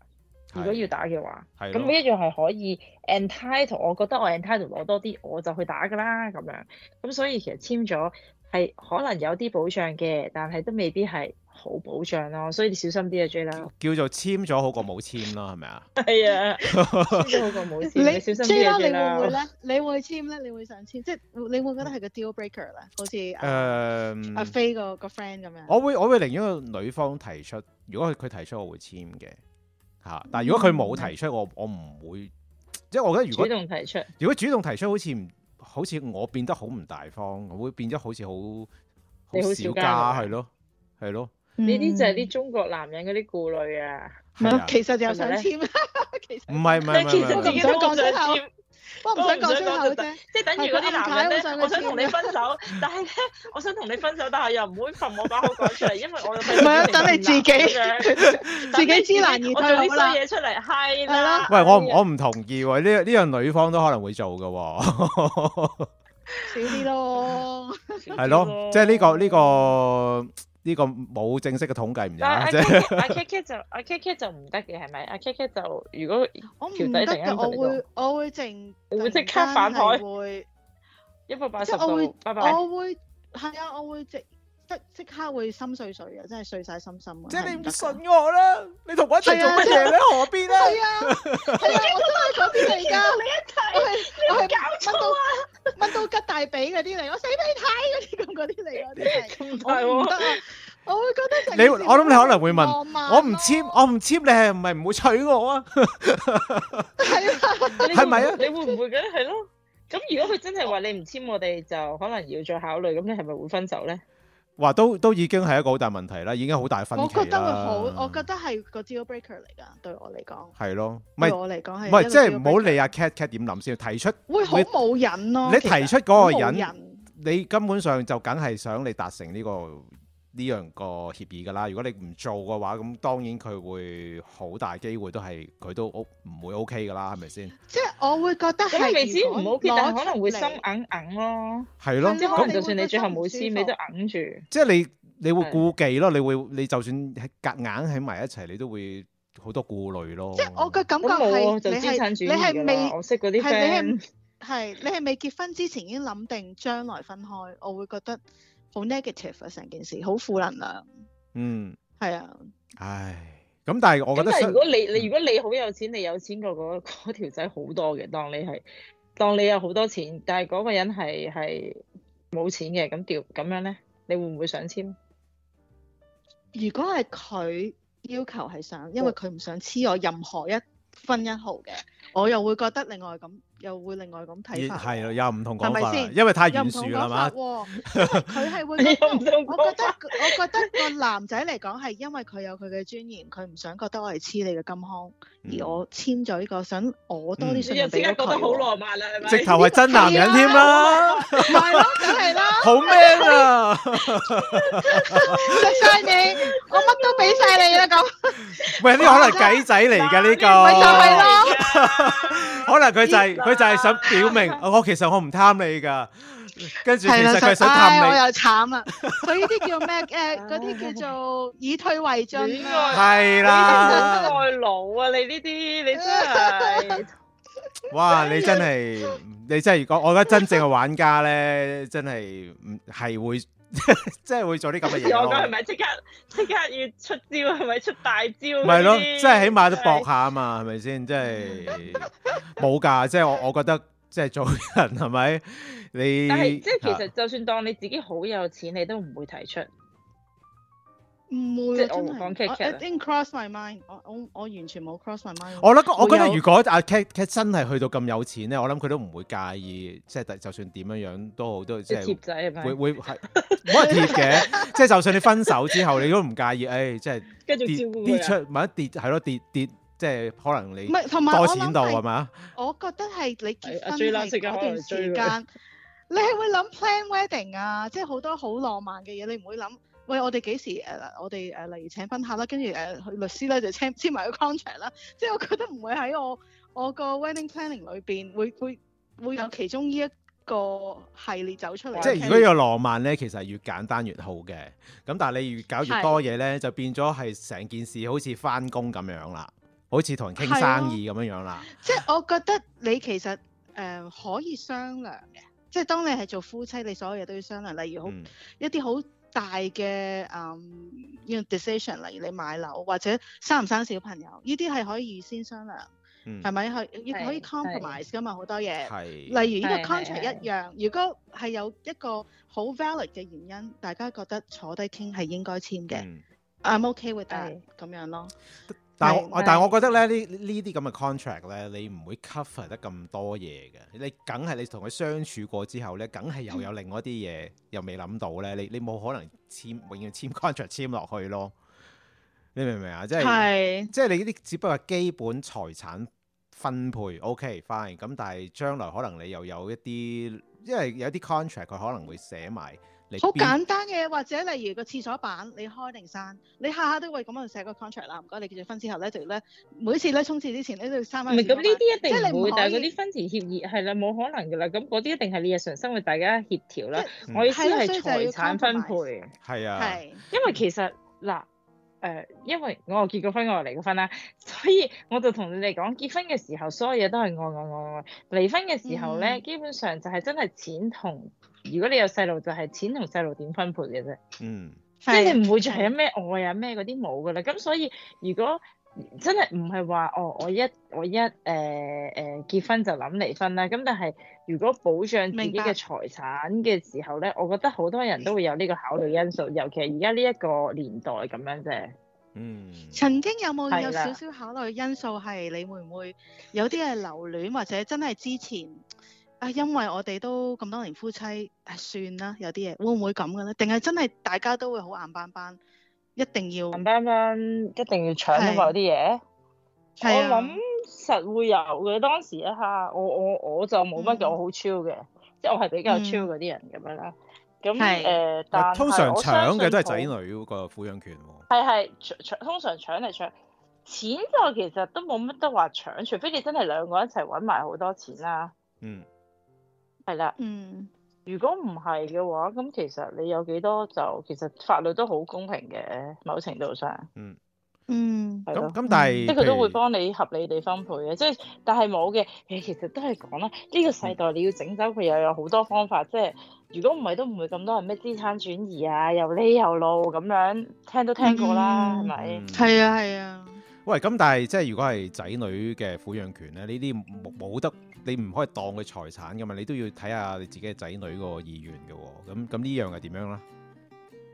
[SPEAKER 3] 如果要打嘅話，咁是我一樣係可以 entitle。我覺得我 entitle 攞多啲，我就去打㗎啦咁樣。咁所以其實簽咗係可能有啲保障嘅，但係都未必係。好保障咯，所以你小心啲啊，JLau，
[SPEAKER 1] 叫做簽咗好過冇簽咯，係咪啊？係啊，簽好過冇
[SPEAKER 3] 簽。你小
[SPEAKER 2] 心啦，你會唔會咧？你會簽咧？你會想簽？即係你會唔會覺得係個 deal breaker 咧？
[SPEAKER 1] 好似誒阿
[SPEAKER 2] 菲個個 friend 咁樣。
[SPEAKER 1] 我會我會寧願個女方提出，如果佢提出，我會簽嘅嚇。但係如果佢冇提出，我我唔會，即係我覺得如果主動提出，如果主動提出，好似唔好似我變得好唔大方，我會變咗好似好
[SPEAKER 3] 好小家，
[SPEAKER 1] 係咯，係咯。
[SPEAKER 3] 呢啲就係啲中國男人嗰啲顧慮啊！其實又想簽，其實
[SPEAKER 1] 唔係唔係唔係，我唔想
[SPEAKER 3] 講出口。我唔想講出口，即係等住嗰啲男人咧，我想同你分手，但係咧，我想同你分手，但係又唔會份我把口講出嚟，因為我唔係啊，等你自己，自己知難而退。我做啲衰嘢出嚟，係啦。喂，我
[SPEAKER 1] 我唔同意喎，呢呢樣女方都可能會做㗎喎。少
[SPEAKER 3] 啲咯，係咯，即係呢個
[SPEAKER 1] 呢個。呢個冇正式嘅統計唔得啫，
[SPEAKER 3] 阿 K K 就阿 K K 就唔得嘅係咪？阿 K K 就如果我唔得
[SPEAKER 2] 嘅，我會我會靜，我會即刻反台，
[SPEAKER 3] 一百八
[SPEAKER 2] 十度，我會係啊，會會我會即。 即即刻會心碎碎嘅，真係碎曬心心。即係你唔信我啦，你同我一齊做乜嘢咧？何必咧？係啊，係啊，我拉咗邊嚟㗎？你一睇，我係我係搞錯啊！乜都吉大髀嗰啲嚟，我死俾你睇嗰啲咁嗰啲嚟嗰啲。咁大喎，我會
[SPEAKER 4] 覺得
[SPEAKER 3] 你我諗你可能會問
[SPEAKER 1] 我唔簽，我唔簽，你係唔係唔會娶我啊？
[SPEAKER 3] 係啊，係咪啊？你會唔會嘅？係咯。咁如果佢真係話你唔簽，我哋就可能要再考慮。咁你係咪會分手咧？
[SPEAKER 1] 話都都已經係一個好大問題啦，已經好大分歧啦。我
[SPEAKER 3] 覺得佢好，我覺得係個 deal breaker 嚟㗎，對我嚟講。
[SPEAKER 1] 係咯，唔係我
[SPEAKER 3] 嚟
[SPEAKER 2] 講係，唔係即係唔
[SPEAKER 1] 好理阿 Cat Cat 點諗先，提出會好
[SPEAKER 2] 冇癮咯。啊、你提出嗰個人，人
[SPEAKER 1] 你根本上就梗係想你達成呢、呢個呢樣個協議㗎啦，如果你唔做嘅話，咁當然佢會好大機會都係佢都 O 唔會 O K 㗎啦，係咪先？
[SPEAKER 2] 即係我會覺得係未至於唔 O K，但係可能會心硬硬咯。係
[SPEAKER 1] 咯，咁就算你最後冇撕，你
[SPEAKER 3] 都硬住。
[SPEAKER 1] 即係你，你會顧忌咯。你會，你就算係夾硬喺埋一齊，你都會好多顧慮咯。即
[SPEAKER 3] 係我嘅感覺係你
[SPEAKER 2] 係你係未係你係未結婚之前已經諗定將來分開，我會覺得。好 negative 啊！成件事好負能量。嗯，
[SPEAKER 1] 係啊。唉，咁但係我覺得如，如果你你
[SPEAKER 3] 如果你好有錢，你有錢過嗰、嗰條仔好多嘅，當你係，當你有好多錢，但係嗰個人係，係冇錢嘅，咁掉咁樣咧，你會唔會想簽？
[SPEAKER 2] 如果係佢要求係想，因為佢唔想黐我任何一分一毫嘅，我又會覺得另外咁。又會另外咁睇法，係
[SPEAKER 1] 又唔同講法，因為太懸
[SPEAKER 2] 殊啦嘛。佢係會，我覺得我覺得個男仔嚟講係因為佢有佢嘅尊嚴，佢唔想覺得我係黐你嘅金腔。而我簽咗呢個，想我多啲信任俾佢。直頭係真男人添啦，唔係咯，梗係啦，好 man 啊！食晒你，我乜都俾晒你啦咁。
[SPEAKER 1] 喂，呢可能鬼仔嚟嘅。呢個，可能佢就係。佢就係想表明，我、 哦、其實我唔貪你㗎，跟住
[SPEAKER 4] 其實佢想貪你、哎。我又
[SPEAKER 2] 慘啦！佢呢啲叫咩？誒、 呃，嗰啲叫做以退為進。
[SPEAKER 1] 係
[SPEAKER 4] 啦，
[SPEAKER 3] 愛老啊！你呢啲，你真係，
[SPEAKER 1] 哇！你真係， 你真係，如果我覺得真正嘅玩家咧，真係唔係會。 即係會做啲咁嘅嘢，我講係
[SPEAKER 3] 咪即刻即 刻要出招，係咪出大招？係咯，即係起碼都搏
[SPEAKER 1] 下啊嘛，係咪先？即係冇噶，即係我我覺得即係做人係咪你？但係即係其實
[SPEAKER 3] 就算當你自己好有錢，你都唔會提出。.
[SPEAKER 2] 唔會，即係講劇劇。哦、t h i, I n g ca. cross my mind， 我我，我完全冇 cross my mind。我
[SPEAKER 1] 諗，我覺得有、嗯、如果阿 Kat 真係去到咁有錢咧，我諗佢都唔會介意，即、就、係、是、就算點樣樣都好，都即係不是 貼仔係咪？會會係冇人貼嘅，即係就算你分手之後，你都唔介意，誒、哎，即係
[SPEAKER 2] 跌、啊、跌出，
[SPEAKER 1] 萬一跌係咯，跌跌，即係可能你多錢到係咪？
[SPEAKER 2] 我覺得係你結婚嗰段時間，哎、你係會諗 plan wedding 啊，endar，即係好多好浪漫嘅嘢，你唔會諗。喂，我哋幾時誒、呃？我哋誒嚟請賓客啦，跟住誒去律師咧就簽簽埋個 contract 啦。即係我覺得唔會喺我我個 wedding planning 裏邊會會會有其中呢一個系列走出嚟。即係如果有
[SPEAKER 1] 浪漫咧，其實越簡單越好嘅。咁但係你越搞越多嘢咧，的就變咗係成件事好似返工咁樣啦，好似同人傾生意咁的樣樣啦。
[SPEAKER 2] 即係我覺得你其實誒、呃、可以商量嘅。 即係當你係做夫妻，你所有嘢都要商量。例如好、嗯、一啲好。大嘅誒、um, decision，例如你買樓或者生唔生小朋友，呢啲係可以預先商量，係咪、嗯？係亦可以 compromise 噶嘛，好是多嘢。係是。例如呢個 contract 一樣，如果係有一個好 valid 嘅原因，大家覺得坐低傾係應該簽嘅、嗯、I'm okay with that 咁是樣咯。但係，但係我
[SPEAKER 1] 覺得咧，呢呢啲咁嘅 contract 咧，你唔會 cover 得咁多嘢嘅。你梗係你同佢相處過之後咧，梗係又有另外一啲嘢、嗯、又未諗到咧。你你冇可能簽永遠簽 contract 簽落去咯。你明唔明啊？即係是即係你呢啲只不過係基本財產分配 OK fine。咁但係將來可能你又有一啲，因為有啲 contract 佢可能會寫埋。好簡
[SPEAKER 2] 單嘅，或者例如個廁所板，你開定閂，你下下都會咁樣寫個 contract 啦。唔該，你結咗婚之後咧，就咧每次咧沖廁之前咧都要閂。唔係，咁呢啲一定唔會，但係嗰啲
[SPEAKER 3] 婚前協議係啦，冇可能㗎啦。咁嗰啲一定係你日常生活大家協調啦。嗯、我意思係財產分配。係啊。係。因為其實嗱，誒、呃，因為我結過婚，我又離過婚啦，所以我就同你哋講，結婚嘅時候所有嘢都係愛愛愛愛，離婚嘅時候咧，基本上就係真係錢同。如果你有細路，就係、是、錢同細路點分配嘅啫。嗯，即係你唔會再係咩愛啊咩嗰啲冇㗎喇。咁所以如果真係唔係話哦，我一我一誒誒、呃呃、結婚就諗離婚啦。咁但係如果保障自己嘅財產嘅時候咧，白我覺得好多人都會有呢個考慮因素。尤其係而家呢一個年代咁樣啫。嗯。
[SPEAKER 2] 曾經有冇有，有少少考慮因素係你會唔會有啲係留戀，或者真係之前？啊，因為我哋都咁多年夫妻，算啦，有啲嘢會唔會咁嘅咧？定係真係大家都會好硬斑斑，一定要
[SPEAKER 3] 硬斑斑，一定要搶啊嘛！有啲嘢，
[SPEAKER 2] 我諗
[SPEAKER 3] 實會有嘅。當時一下，我我我就冇乜嘅，嗯、我好超嘅，即係我係比較超嗰啲人咁樣啦。咁誒，但通常搶嘅都係仔女
[SPEAKER 1] 個撫養權。
[SPEAKER 3] 係係搶通常搶嚟搶錢就其實都冇乜得話搶，除非你真係兩個人一齊揾埋好多錢啦。嗯。嗯。係啦，嗯，如果唔係嘅話，咁其實你有幾多就其實法律都好公平嘅，某程度上，嗯，的嗯，係咁但係即係佢都會幫你合理地分配嘅，即係，但係冇嘅，誒，其實都係講啦，呢個世代你要整走佢又有好多方法，嗯，即係如果唔係都唔會咁多人咩資產轉移啊，又匿又路咁樣，聽都聽過啦，係咪，嗯？係啊，係啊。
[SPEAKER 1] 喂，咁但係即係如果係仔女嘅撫養權咧，呢啲冇冇得，你唔可以當佢財產噶嘛？你都要睇下你自己嘅仔女個意願嘅。咁咁呢樣係點樣咧？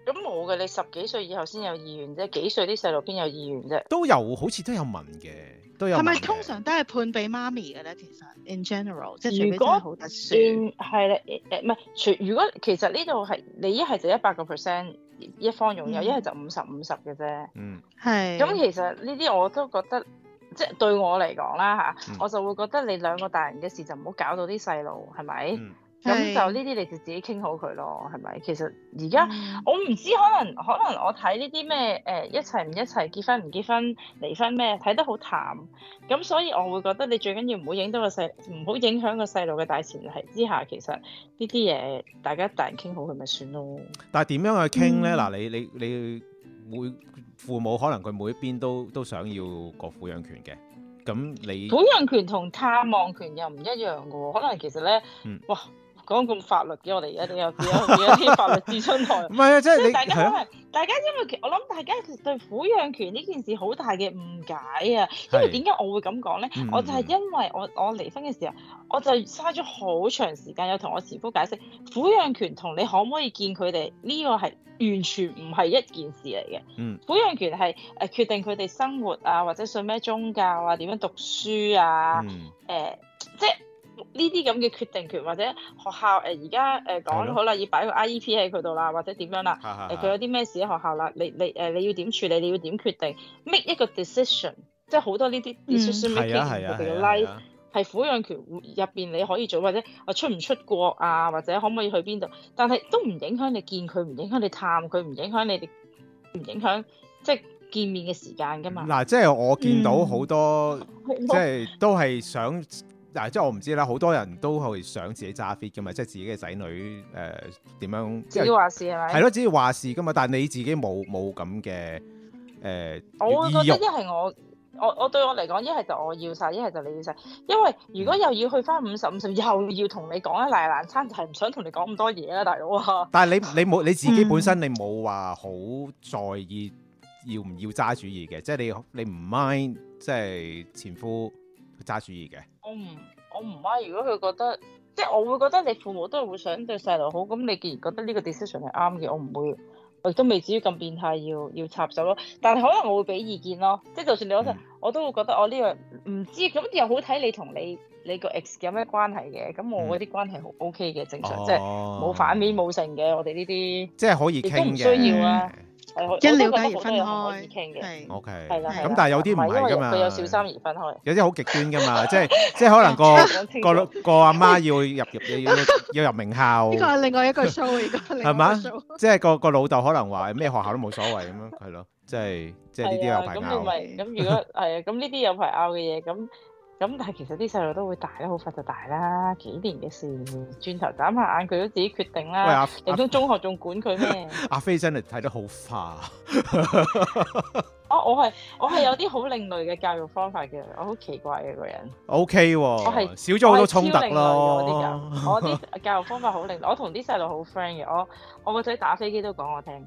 [SPEAKER 3] 咁冇嘅，你十幾歲以後先有意願啫，幾歲啲細路邊有意願啫？
[SPEAKER 1] 都有，好似都有問嘅，都有。係咪
[SPEAKER 3] 通常
[SPEAKER 2] 都係判俾媽咪嘅咧？其
[SPEAKER 3] 實，in general，即係除非真係好特殊。係啦，嗯，誒唔係，如果其實呢度係你一係就一百個 percent。一方擁有，一係就五十五十嘅啫。嗯，係。咁、嗯、其實呢啲我都覺得，即、就、係、是、對我嚟講啦嚇，嗯、我就會覺得你兩個大人嘅事就唔好搞到啲細路，係咪？嗯。咁就呢啲你就自己傾好佢咯，係咪？其實而家我唔知、嗯可，可能可能我睇呢啲咩誒一齊唔一齊結婚，唔結婚離婚咩睇得好淡，咁所以我會覺得你最緊要唔好影到個細，唔好影響個細路嘅大前提之下，其實呢啲嘢大家大人傾好佢咪算咯。
[SPEAKER 1] 但係點樣去傾咧？嗱、嗯，你你你每父母可能佢每一邊都都想要個撫養權嘅，咁你撫養
[SPEAKER 3] 權同探望權又唔一樣嘅喎，可能其實咧，哇、嗯、～講咁法律嘅，我哋而家都有啲 法律諮
[SPEAKER 4] 詢台？唔係啊，即係大家可
[SPEAKER 3] 能， 大家因為其實我諗大家對撫養權呢件事好大嘅誤解啊！是因為點解我會咁講咧？嗯嗯我就係因為我我離婚嘅時候，我就嘥咗好長時間，有同我前夫解釋撫養權同你可唔可以見佢哋呢個係完全唔係一件事嚟嘅。嗯，撫養權係誒、嗯、決定佢哋生活啊，或者信咩宗教啊，點樣讀書啊，誒、嗯呃、即係。呢啲咁嘅決定權，或者學校誒而家誒講好啦，了要擺個 IEP 喺佢度啦，或者點樣啦？佢的、呃、有啲咩事喺學校啦？你你誒你要點處理？你要點決定？make 一個 decision，即係好多呢啲 decision making 佢哋嘅 life 係撫養權入邊你可以做，或者我出唔出國啊？或者可唔可以去邊度？但係都唔影響你見佢，唔影響你探佢，唔影響你哋，唔影響即係見面嘅時間㗎嘛？嗱、嗯，
[SPEAKER 1] 即係我見到好多，即係、嗯、都係想。但嗱、啊，即係我唔知啦，好多人都係想自己揸 fit 嘅嘛，即係自己嘅仔女誒點、呃、樣？自己話
[SPEAKER 3] 事係咪？係咯，
[SPEAKER 1] 自己話事嘅嘛，但係你自己冇冇咁嘅誒？我會覺得一
[SPEAKER 3] 係我我我對我嚟講，一係就我要晒，一係就你要晒。因為如果又要去翻五十五十，50，又要同你講一嚟難餐，就係唔想同你講咁多嘢啦、啊，大佬，
[SPEAKER 1] 但係你你冇你，你自己本身，你冇話好在意要唔要揸主意嘅、嗯，即係你你唔 mind 即係前夫。揸主意嘅，
[SPEAKER 3] 我唔我唔話。如果佢覺得，即係我會覺得你父母都係會想對細路好。咁你既然覺得呢個 decision 係啱嘅，我唔會，我都未至於咁變態要要插手咯。但係可能我會俾意見咯。即係就算你覺得，嗯、我都會覺得我呢樣唔知。咁又好睇你同你你個 ex 有咩關係嘅。咁我嗰啲關係好 OK 嘅，正常、嗯哦、即係冇反面冇剩嘅。我哋呢啲即係可以傾亦都唔需要啊。嗯因了解而分開，OK，係
[SPEAKER 1] 啦，係啦。咁但係有啲唔係㗎嘛，佢有小三而分開。有啲好極端㗎嘛，即係即
[SPEAKER 3] 係可能個個
[SPEAKER 1] 個阿媽要入入要要入名校。呢
[SPEAKER 3] 個係另外一個 show，而家係
[SPEAKER 1] 嘛？即係個個老豆可能話咩學校都冇所謂咁樣，係咯，即
[SPEAKER 3] 係即係呢啲有排拗。咁你咪咁？如果係啊，咁呢啲有排拗嘅嘢咁。咁但係其實啲細路都會大啦，好快就大啦，幾年嘅事。轉頭眨下眼佢都自己決定啦。嚟到中學仲管佢咩？
[SPEAKER 1] 阿飛真係睇得好快。
[SPEAKER 3] 啊，我係我係有啲好另類嘅教育方法嘅，我好奇怪嘅個人。
[SPEAKER 1] O K，我係少咗好多衝突咯。我
[SPEAKER 3] 啲教育方法好另類，我同啲細路好 friend 嘅，我我個仔打飛機都講我聽。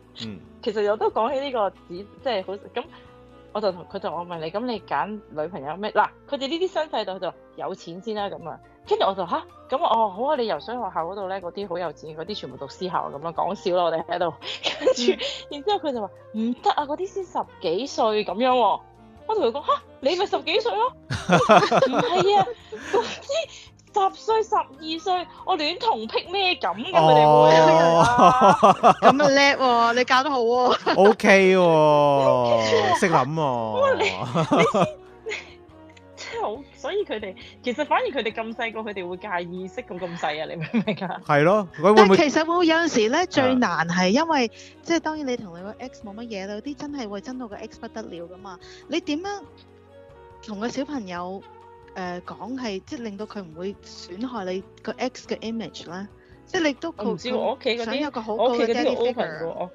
[SPEAKER 3] 嗯，其實我都講起呢、呢個指，即係好咁，我就同佢就我問你，咁你揀女朋友咩？嗱，佢哋呢啲新世代就有錢先啦咁啊，跟住我就嚇，咁我哦好啊，你游水學校嗰度咧，嗰啲好有錢嗰啲全部讀私校咁咯，講笑咯，我哋喺度，跟住，嗯、然之後佢就話唔得啊，嗰啲先十幾歲咁樣喎、啊，我同佢講嚇，你咪十幾歲咯，唔係啊，嗰啲。十歲、十二歲，我戀童癖咩咁？咁佢哋會啊？
[SPEAKER 1] 咁
[SPEAKER 3] 啊叻喎，你教得好喎，O K 喎，識
[SPEAKER 1] 諗喎。哇，你你真係好，
[SPEAKER 3] 所以佢哋其實反而佢哋咁細個，佢哋會介意識咁咁細啊？你
[SPEAKER 2] 明唔明啊？係咯，但係其實會唔會有陣時咧最難係，因為即係當然你同你個 X 冇乜嘢啦，有啲真係會爭到個 X 不得了噶嘛。你點樣同個小朋友？誒講係，即係令到
[SPEAKER 3] 佢唔會損害你個 ex 嘅 image 啦。即係你都，我唔知我屋企嗰啲，我屋企嗰啲 open 嘅。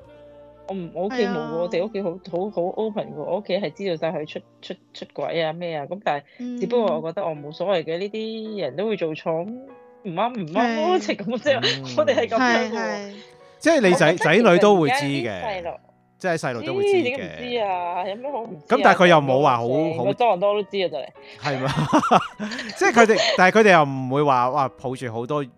[SPEAKER 3] 我唔，我屋企冇，我哋屋企好好好 open 嘅。我屋企係知道曬佢出出出軌啊咩啊。咁但係，只不過我覺得我冇所謂嘅。呢啲人都會做錯，唔啱唔啱，直咁即係。我哋係咁樣
[SPEAKER 1] 嘅，即係你仔仔女都會知嘅。即係細路都會知嘅。知啊？有咩好
[SPEAKER 3] 唔知？但係佢又
[SPEAKER 1] 冇話好好多人
[SPEAKER 3] 都都知啊，就係 是吧。
[SPEAKER 1] 係 嘛？ 即係佢哋，但係佢哋又唔會話哇抱住好多即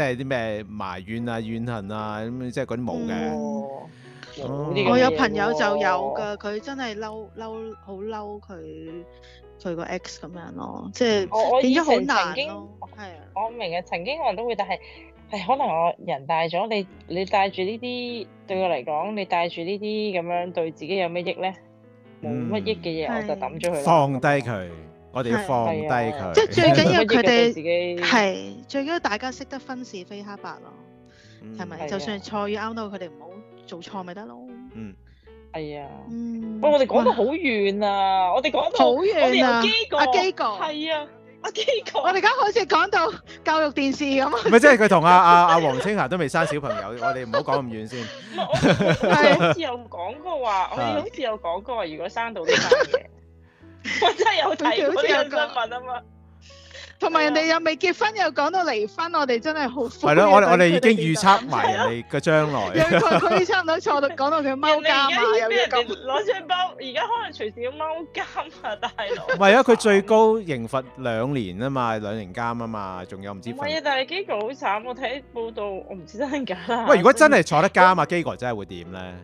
[SPEAKER 1] 係啲咩埋怨啊、怨恨啊咁，即係嗰啲冇嘅。嗯，
[SPEAKER 2] 有啊、我有朋友就有噶，佢真係嬲嬲好嬲佢佢個 x 咁樣咯，即係變咗好難咯。係、哦、啊
[SPEAKER 3] 我，我明啊，曾經我都會，但係。係可能我人大咗，你你帶住呢啲對我嚟講，你帶住呢啲咁樣對自己有咩益咧？
[SPEAKER 1] 冇乜益
[SPEAKER 3] 嘅嘢我就抌咗佢。放
[SPEAKER 1] 低佢，我哋要放低佢。即係最緊要佢哋
[SPEAKER 3] 係最緊要大家
[SPEAKER 2] 識得分是非黑白咯，係咪？就算錯要拗到，佢哋唔好做錯咪得咯。嗯，係啊。嗯，喂，我哋講得
[SPEAKER 3] 好遠啊！我哋講得好遠啊！阿基
[SPEAKER 2] 哥，係啊。啊、我哋而家好似講到教育電視咁，是 啊！
[SPEAKER 1] 咪即係佢同阿阿阿王青霞都未生小朋友， 我哋唔好講咁遠先。好
[SPEAKER 3] 似有講過話，我哋好似有講過話，啊 啊，如果生到啲乜嘢， 我真係有睇嗰啲新聞啊嘛。好似好似
[SPEAKER 2] 同埋人哋又未結婚又講到離婚，我哋
[SPEAKER 3] 真係好
[SPEAKER 1] 係咯，我我哋已經預測埋了人哋嘅將來，預
[SPEAKER 3] 測可以差唔多坐到講到佢踎監。而家有咩人攞出嚟踎？而家可能隨時要踎監啊，大
[SPEAKER 1] 佬。唔係啊，佢 最高刑罰兩年啊嘛，兩年監啊嘛，仲有唔知。唔係
[SPEAKER 3] 啊，但係基哥好慘，我睇報道，我唔知真定假。喂，如果真係坐
[SPEAKER 1] 得監啊，基哥 真係會點咧？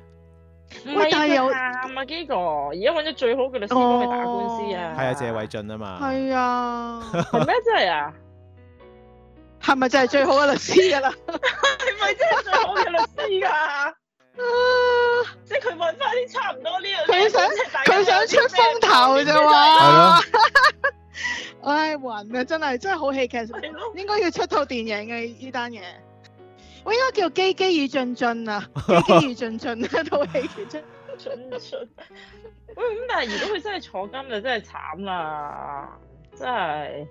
[SPEAKER 3] 喂，但係有啱啊，基哥。而家揾咗最好嘅律師幫佢，oh, 打
[SPEAKER 1] 官司啊！係啊，謝偉俊啊嘛，係啊，係
[SPEAKER 3] 咩真係啊？係咪真係最
[SPEAKER 1] 好嘅律師噶啦？係
[SPEAKER 2] 咪 真係最好嘅律師噶？啊！ 即係佢揾翻啲差唔多呢樣嘢，佢想佢想出風頭咋嘛？唉、 哎，暈啊！真係真係好戲劇， 應該要出套電影嘅
[SPEAKER 3] 呢單嘢。
[SPEAKER 2] 我應該叫機機與進進啊，機機與進進啊，套戲叫進進
[SPEAKER 3] 進。喂，咁，但係如果佢真係坐監就真係慘啦，真係。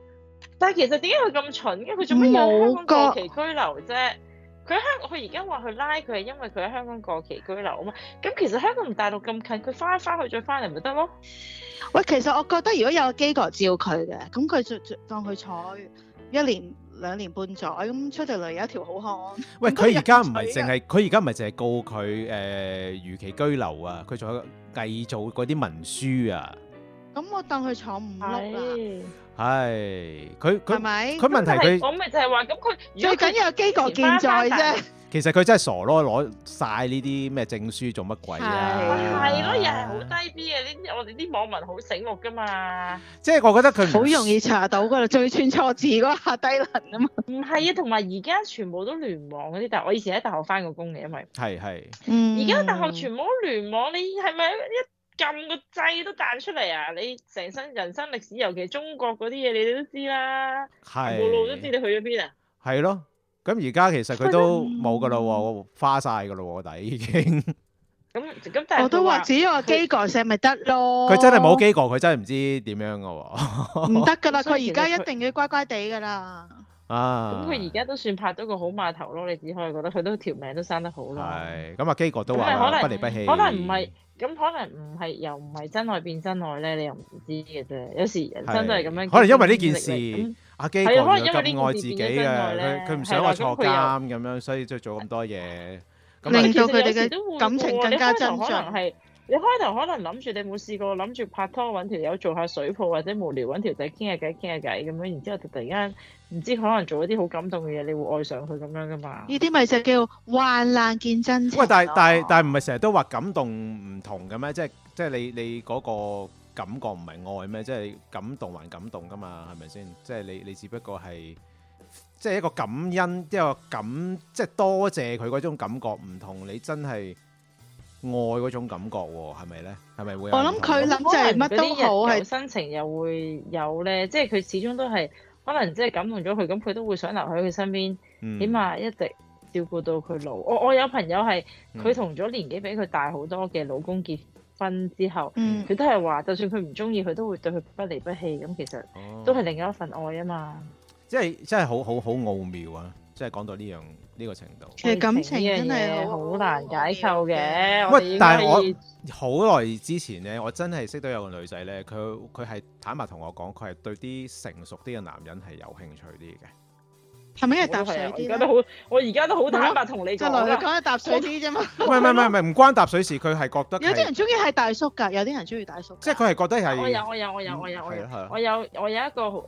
[SPEAKER 3] 但係其實點解佢咁蠢因嘅？佢做咩有香港過期居留啫？佢香，佢而家話佢拉佢係因為佢喺香港過期居留啊嘛。咁其實香港同大陸咁近，佢翻一翻去再翻嚟咪得咯。
[SPEAKER 2] 喂，其實我覺得如果有機哥照佢嘅，咁佢就就當佢坐一年。兩年半載咁出到嚟有一條好漢。
[SPEAKER 1] 喂，佢而家唔係淨係，佢而家唔係淨係告佢誒逾期居留啊！佢仲有製造嗰啲文書啊！
[SPEAKER 2] 咁我當佢坐五
[SPEAKER 3] 碌啦。
[SPEAKER 1] 係，佢佢係咪？佢問題佢
[SPEAKER 3] 我咪就係話咁，佢最緊要機局健在啫。
[SPEAKER 1] 其實佢真係傻咯，攞晒呢啲咩證書做乜鬼
[SPEAKER 2] 啊？
[SPEAKER 3] 係咯、啊，又係好低 B 嘅，呢我哋啲網民好醒目噶嘛。
[SPEAKER 2] 即係我覺得佢好容易查到噶啦，最串錯字嗰下低能
[SPEAKER 3] 啊嘛。唔係啊，同埋而家全部都聯網嗰啲，但我以前喺大學返過工嘅，因為係係，而家是大學全部都聯網，你係咪一撳個掣都彈出嚟啊？你成身人生歷史，尤其中國嗰啲嘢，你都知啦。係是，路路都知你去咗邊啊？
[SPEAKER 1] 係咯。咁而家其實佢都冇噶啦，我花曬噶啦，我底已經。咁
[SPEAKER 2] 咁，但係我都話只要個機改石咪得咯。佢真係冇機
[SPEAKER 1] 改，佢真係唔知點樣噶喎。
[SPEAKER 2] 唔得噶啦，佢而家一
[SPEAKER 3] 定要乖乖地噶啦。啊！咁佢而家都算拍到個好碼頭咯，你只可以覺得佢都條命都生得好咯。係
[SPEAKER 1] 咁、嗯、阿基哥都話不離不棄。可能
[SPEAKER 3] 唔係咁，可能唔係又唔係真愛變真愛咧，你又唔知嘅啫。有時人生都係咁樣。可能因為呢件事
[SPEAKER 1] 呢，阿基哥可能因更愛自己嘅，佢唔想話坐監咁、嗯、樣，所以即係做咁多嘢，令到
[SPEAKER 3] 佢哋嘅感情更加真摯。你開頭可能諗住你冇試過，諗住拍拖揾條友做下水泡，或者無聊揾條仔傾下偈傾下偈咁樣，然之後突然間唔知可能做一啲好感動嘅嘢，你會愛上佢咁樣噶嘛？
[SPEAKER 2] 呢啲咪就叫患難見真情。喂，但係
[SPEAKER 1] 但係但係唔係成日都話感動唔同嘅咩？即係即係你你嗰個感覺唔係愛咩？即係，感動還感動噶嘛？係咪先？即係，你你只不過係即係一個感恩一個感即係多謝佢嗰種感覺唔同你真係。愛嗰種感覺喎，係咪咧？係咪會？我諗佢諗就係乜都好，係
[SPEAKER 3] 深情又會有咧，即係佢始終都係可能即係感動咗佢，咁佢都會想留喺佢身邊，嗯、起碼一直照顧到佢老。我我有朋友係佢同咗年紀比佢大好多嘅老公結婚之後，佢、嗯、都係話，就算佢唔中意，佢都會對佢不離不棄。咁其實都係另一份愛啊嘛！
[SPEAKER 1] 哦、即係真係好好好奧妙啊！即係講到呢樣。呢個程度，其
[SPEAKER 3] 實、哎、感情真係好難解構嘅。喂好，但係我
[SPEAKER 1] 好耐之前呢，我真係識到有個女仔呢，佢佢係坦白同我講，佢係對啲成熟啲嘅男人係有興趣啲嘅。
[SPEAKER 3] 係咪因為搭水啲我而家都好，我而家都好坦白同我你講啦。講下搭水啲啫嘛。唔
[SPEAKER 1] 係唔係唔係唔關搭水事，佢係覺得有啲人
[SPEAKER 3] 中意係大叔㗎，有啲人中
[SPEAKER 2] 意大叔。
[SPEAKER 1] 即係佢係覺得係。我有
[SPEAKER 2] 我有我有、嗯、我有
[SPEAKER 3] 我有我有我有一個誒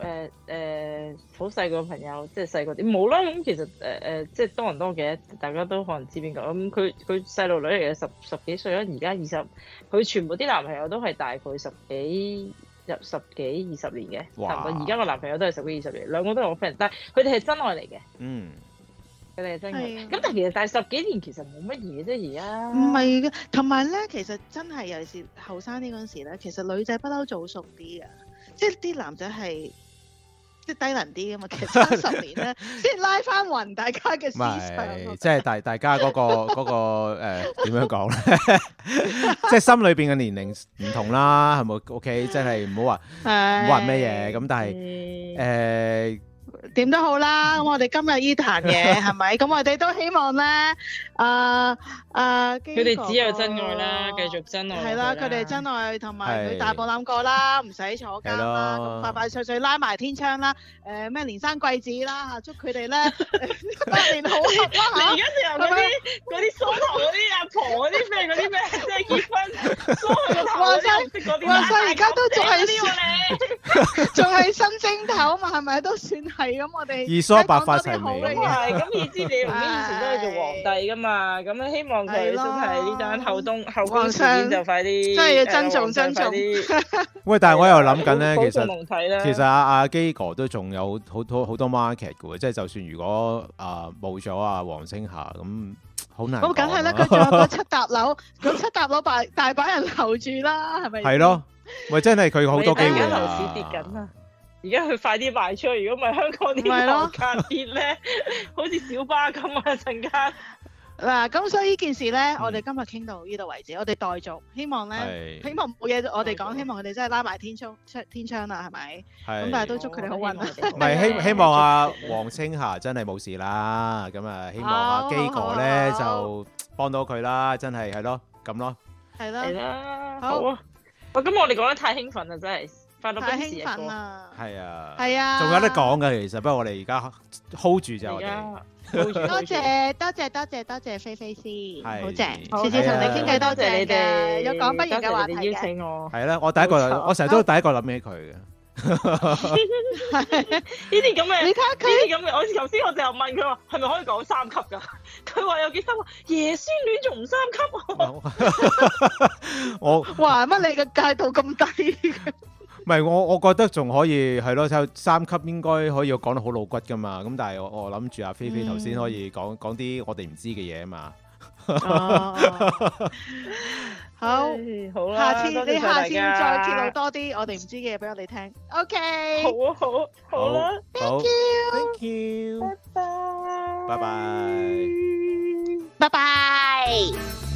[SPEAKER 3] 誒好細個朋友，即係細個啲冇啦。咁其實誒誒、呃、即係多倫多嘅，大家都可能知邊個咁。佢佢細路女嚟嘅，十十幾歲啦，而家二十。佢全部啲男朋友都係大概十幾。入十幾二十年嘅，而家哇我男朋友都係十幾二十年，兩個都係我 friend，但係佢哋係真愛嚟嘅。
[SPEAKER 4] 嗯，
[SPEAKER 3] 佢哋係真愛，咁的但係其實但係十幾年其實冇乜嘢啫，而家唔
[SPEAKER 2] 係嘅。同埋咧，其實真係尤其是後生啲嗰陣時咧，其實女仔不嬲早熟啲嘅，即係啲男仔係。即係低能啲啊嘛，其實三十年咧先 拉
[SPEAKER 1] 返勻，大家嘅思想，是 即係大大家嗰、嗰個嗰、嗰個誒點、呃、樣講咧？ 即係心裏邊嘅年齡唔同啦，係咪 ？OK，即係唔好話唔好
[SPEAKER 2] 話咩嘢咁，但係誒點都好啦。咁、 呃、我哋今日呢壇嘢係咪？咁 我哋都希望咧啊～、呃啊！佢哋只有真愛啦，
[SPEAKER 3] 繼續真愛。係啦，佢哋
[SPEAKER 2] 真愛同埋佢大步檻過啦，唔使坐
[SPEAKER 3] 監啦，咁快
[SPEAKER 2] 快脆脆拉埋天窗啦。誒咩？連生貴子啦嚇，祝佢哋咧百年好合啦嚇。你而家就由嗰啲嗰啲梳頭嗰啲阿婆嗰啲咩嗰啲
[SPEAKER 4] 咩
[SPEAKER 1] 即係
[SPEAKER 2] 結婚梳頭嗰啲。哇塞！哇塞！而家都仲係
[SPEAKER 3] 仲係新星頭嘛，係咪？都算係咁我哋。二梳白髮
[SPEAKER 1] 齊眉。唔係咁，以知你
[SPEAKER 3] 同啲以前都係做皇帝㗎嘛？咁咧希望。睇咯，呢單後東後光商就快啲，真係要珍重珍重。
[SPEAKER 1] 喂，但係我又諗緊咧， 其實其實阿阿基哥都仲有好多好多 market 嘅，即係就算如果啊冇咗阿王青霞，咁，好難。咁梗係啦，佢
[SPEAKER 2] 仲 有個七達樓，咁七達樓大把人留住啦，係咪？係咯，
[SPEAKER 1] 咪真係佢好多機會啊！而家樓市跌緊啊，
[SPEAKER 3] 而家佢快啲賣出，去，如果唔係香港啲樓價跌咧，好似小巴咁啊，陣間。
[SPEAKER 2] 嗱，咁所以呢件事咧，我哋今日傾到呢度為止，我哋待續，希望咧，希望冇嘢，我哋講，希望佢哋真係拉埋天窗出天窗啦，係咪？
[SPEAKER 1] 係。咁但係都
[SPEAKER 2] 祝佢哋好運。唔係希希望阿
[SPEAKER 1] 王青霞真係冇事啦，咁啊希望阿基哥咧就幫到佢啦，真係係咯，咁咯，係咯，係啦，好啊。
[SPEAKER 3] 喂，咁我哋講得太興奮啦，真係快樂多時啊，係
[SPEAKER 1] 啊，係啊，仲有得講㗎其實，不過我哋而家 hold 住就。多謝多
[SPEAKER 2] 謝多謝多謝，多謝菲菲先，是棒好正，次次
[SPEAKER 1] 同你傾偈，
[SPEAKER 3] 多謝你哋，有講不完嘅話題邀請我
[SPEAKER 1] 係啦，的我第一個、啊、我成日都第一個諗起佢
[SPEAKER 3] 嘅。呢啲咁嘅你睇下佢。呢啲咁嘅，我頭先我就問佢話，係咪可以講三級噶？佢 話有幾深啊？爺孫戀仲唔三級？
[SPEAKER 1] 我
[SPEAKER 3] 哇乜
[SPEAKER 2] 你嘅戒度咁低？
[SPEAKER 1] 唔係我，我覺得仲可以係咯，有三級應該可以講得好露骨噶嘛。咁但係我我諗住阿菲菲頭先可以講講啲我哋唔知嘅嘢嘛。
[SPEAKER 2] 好，好，下次你下次再揭露多啲我哋唔知嘅嘢俾我哋聽。OK，好啊，好，好啦，Thank you，Thank you，
[SPEAKER 1] 拜拜，拜拜，
[SPEAKER 2] 拜拜。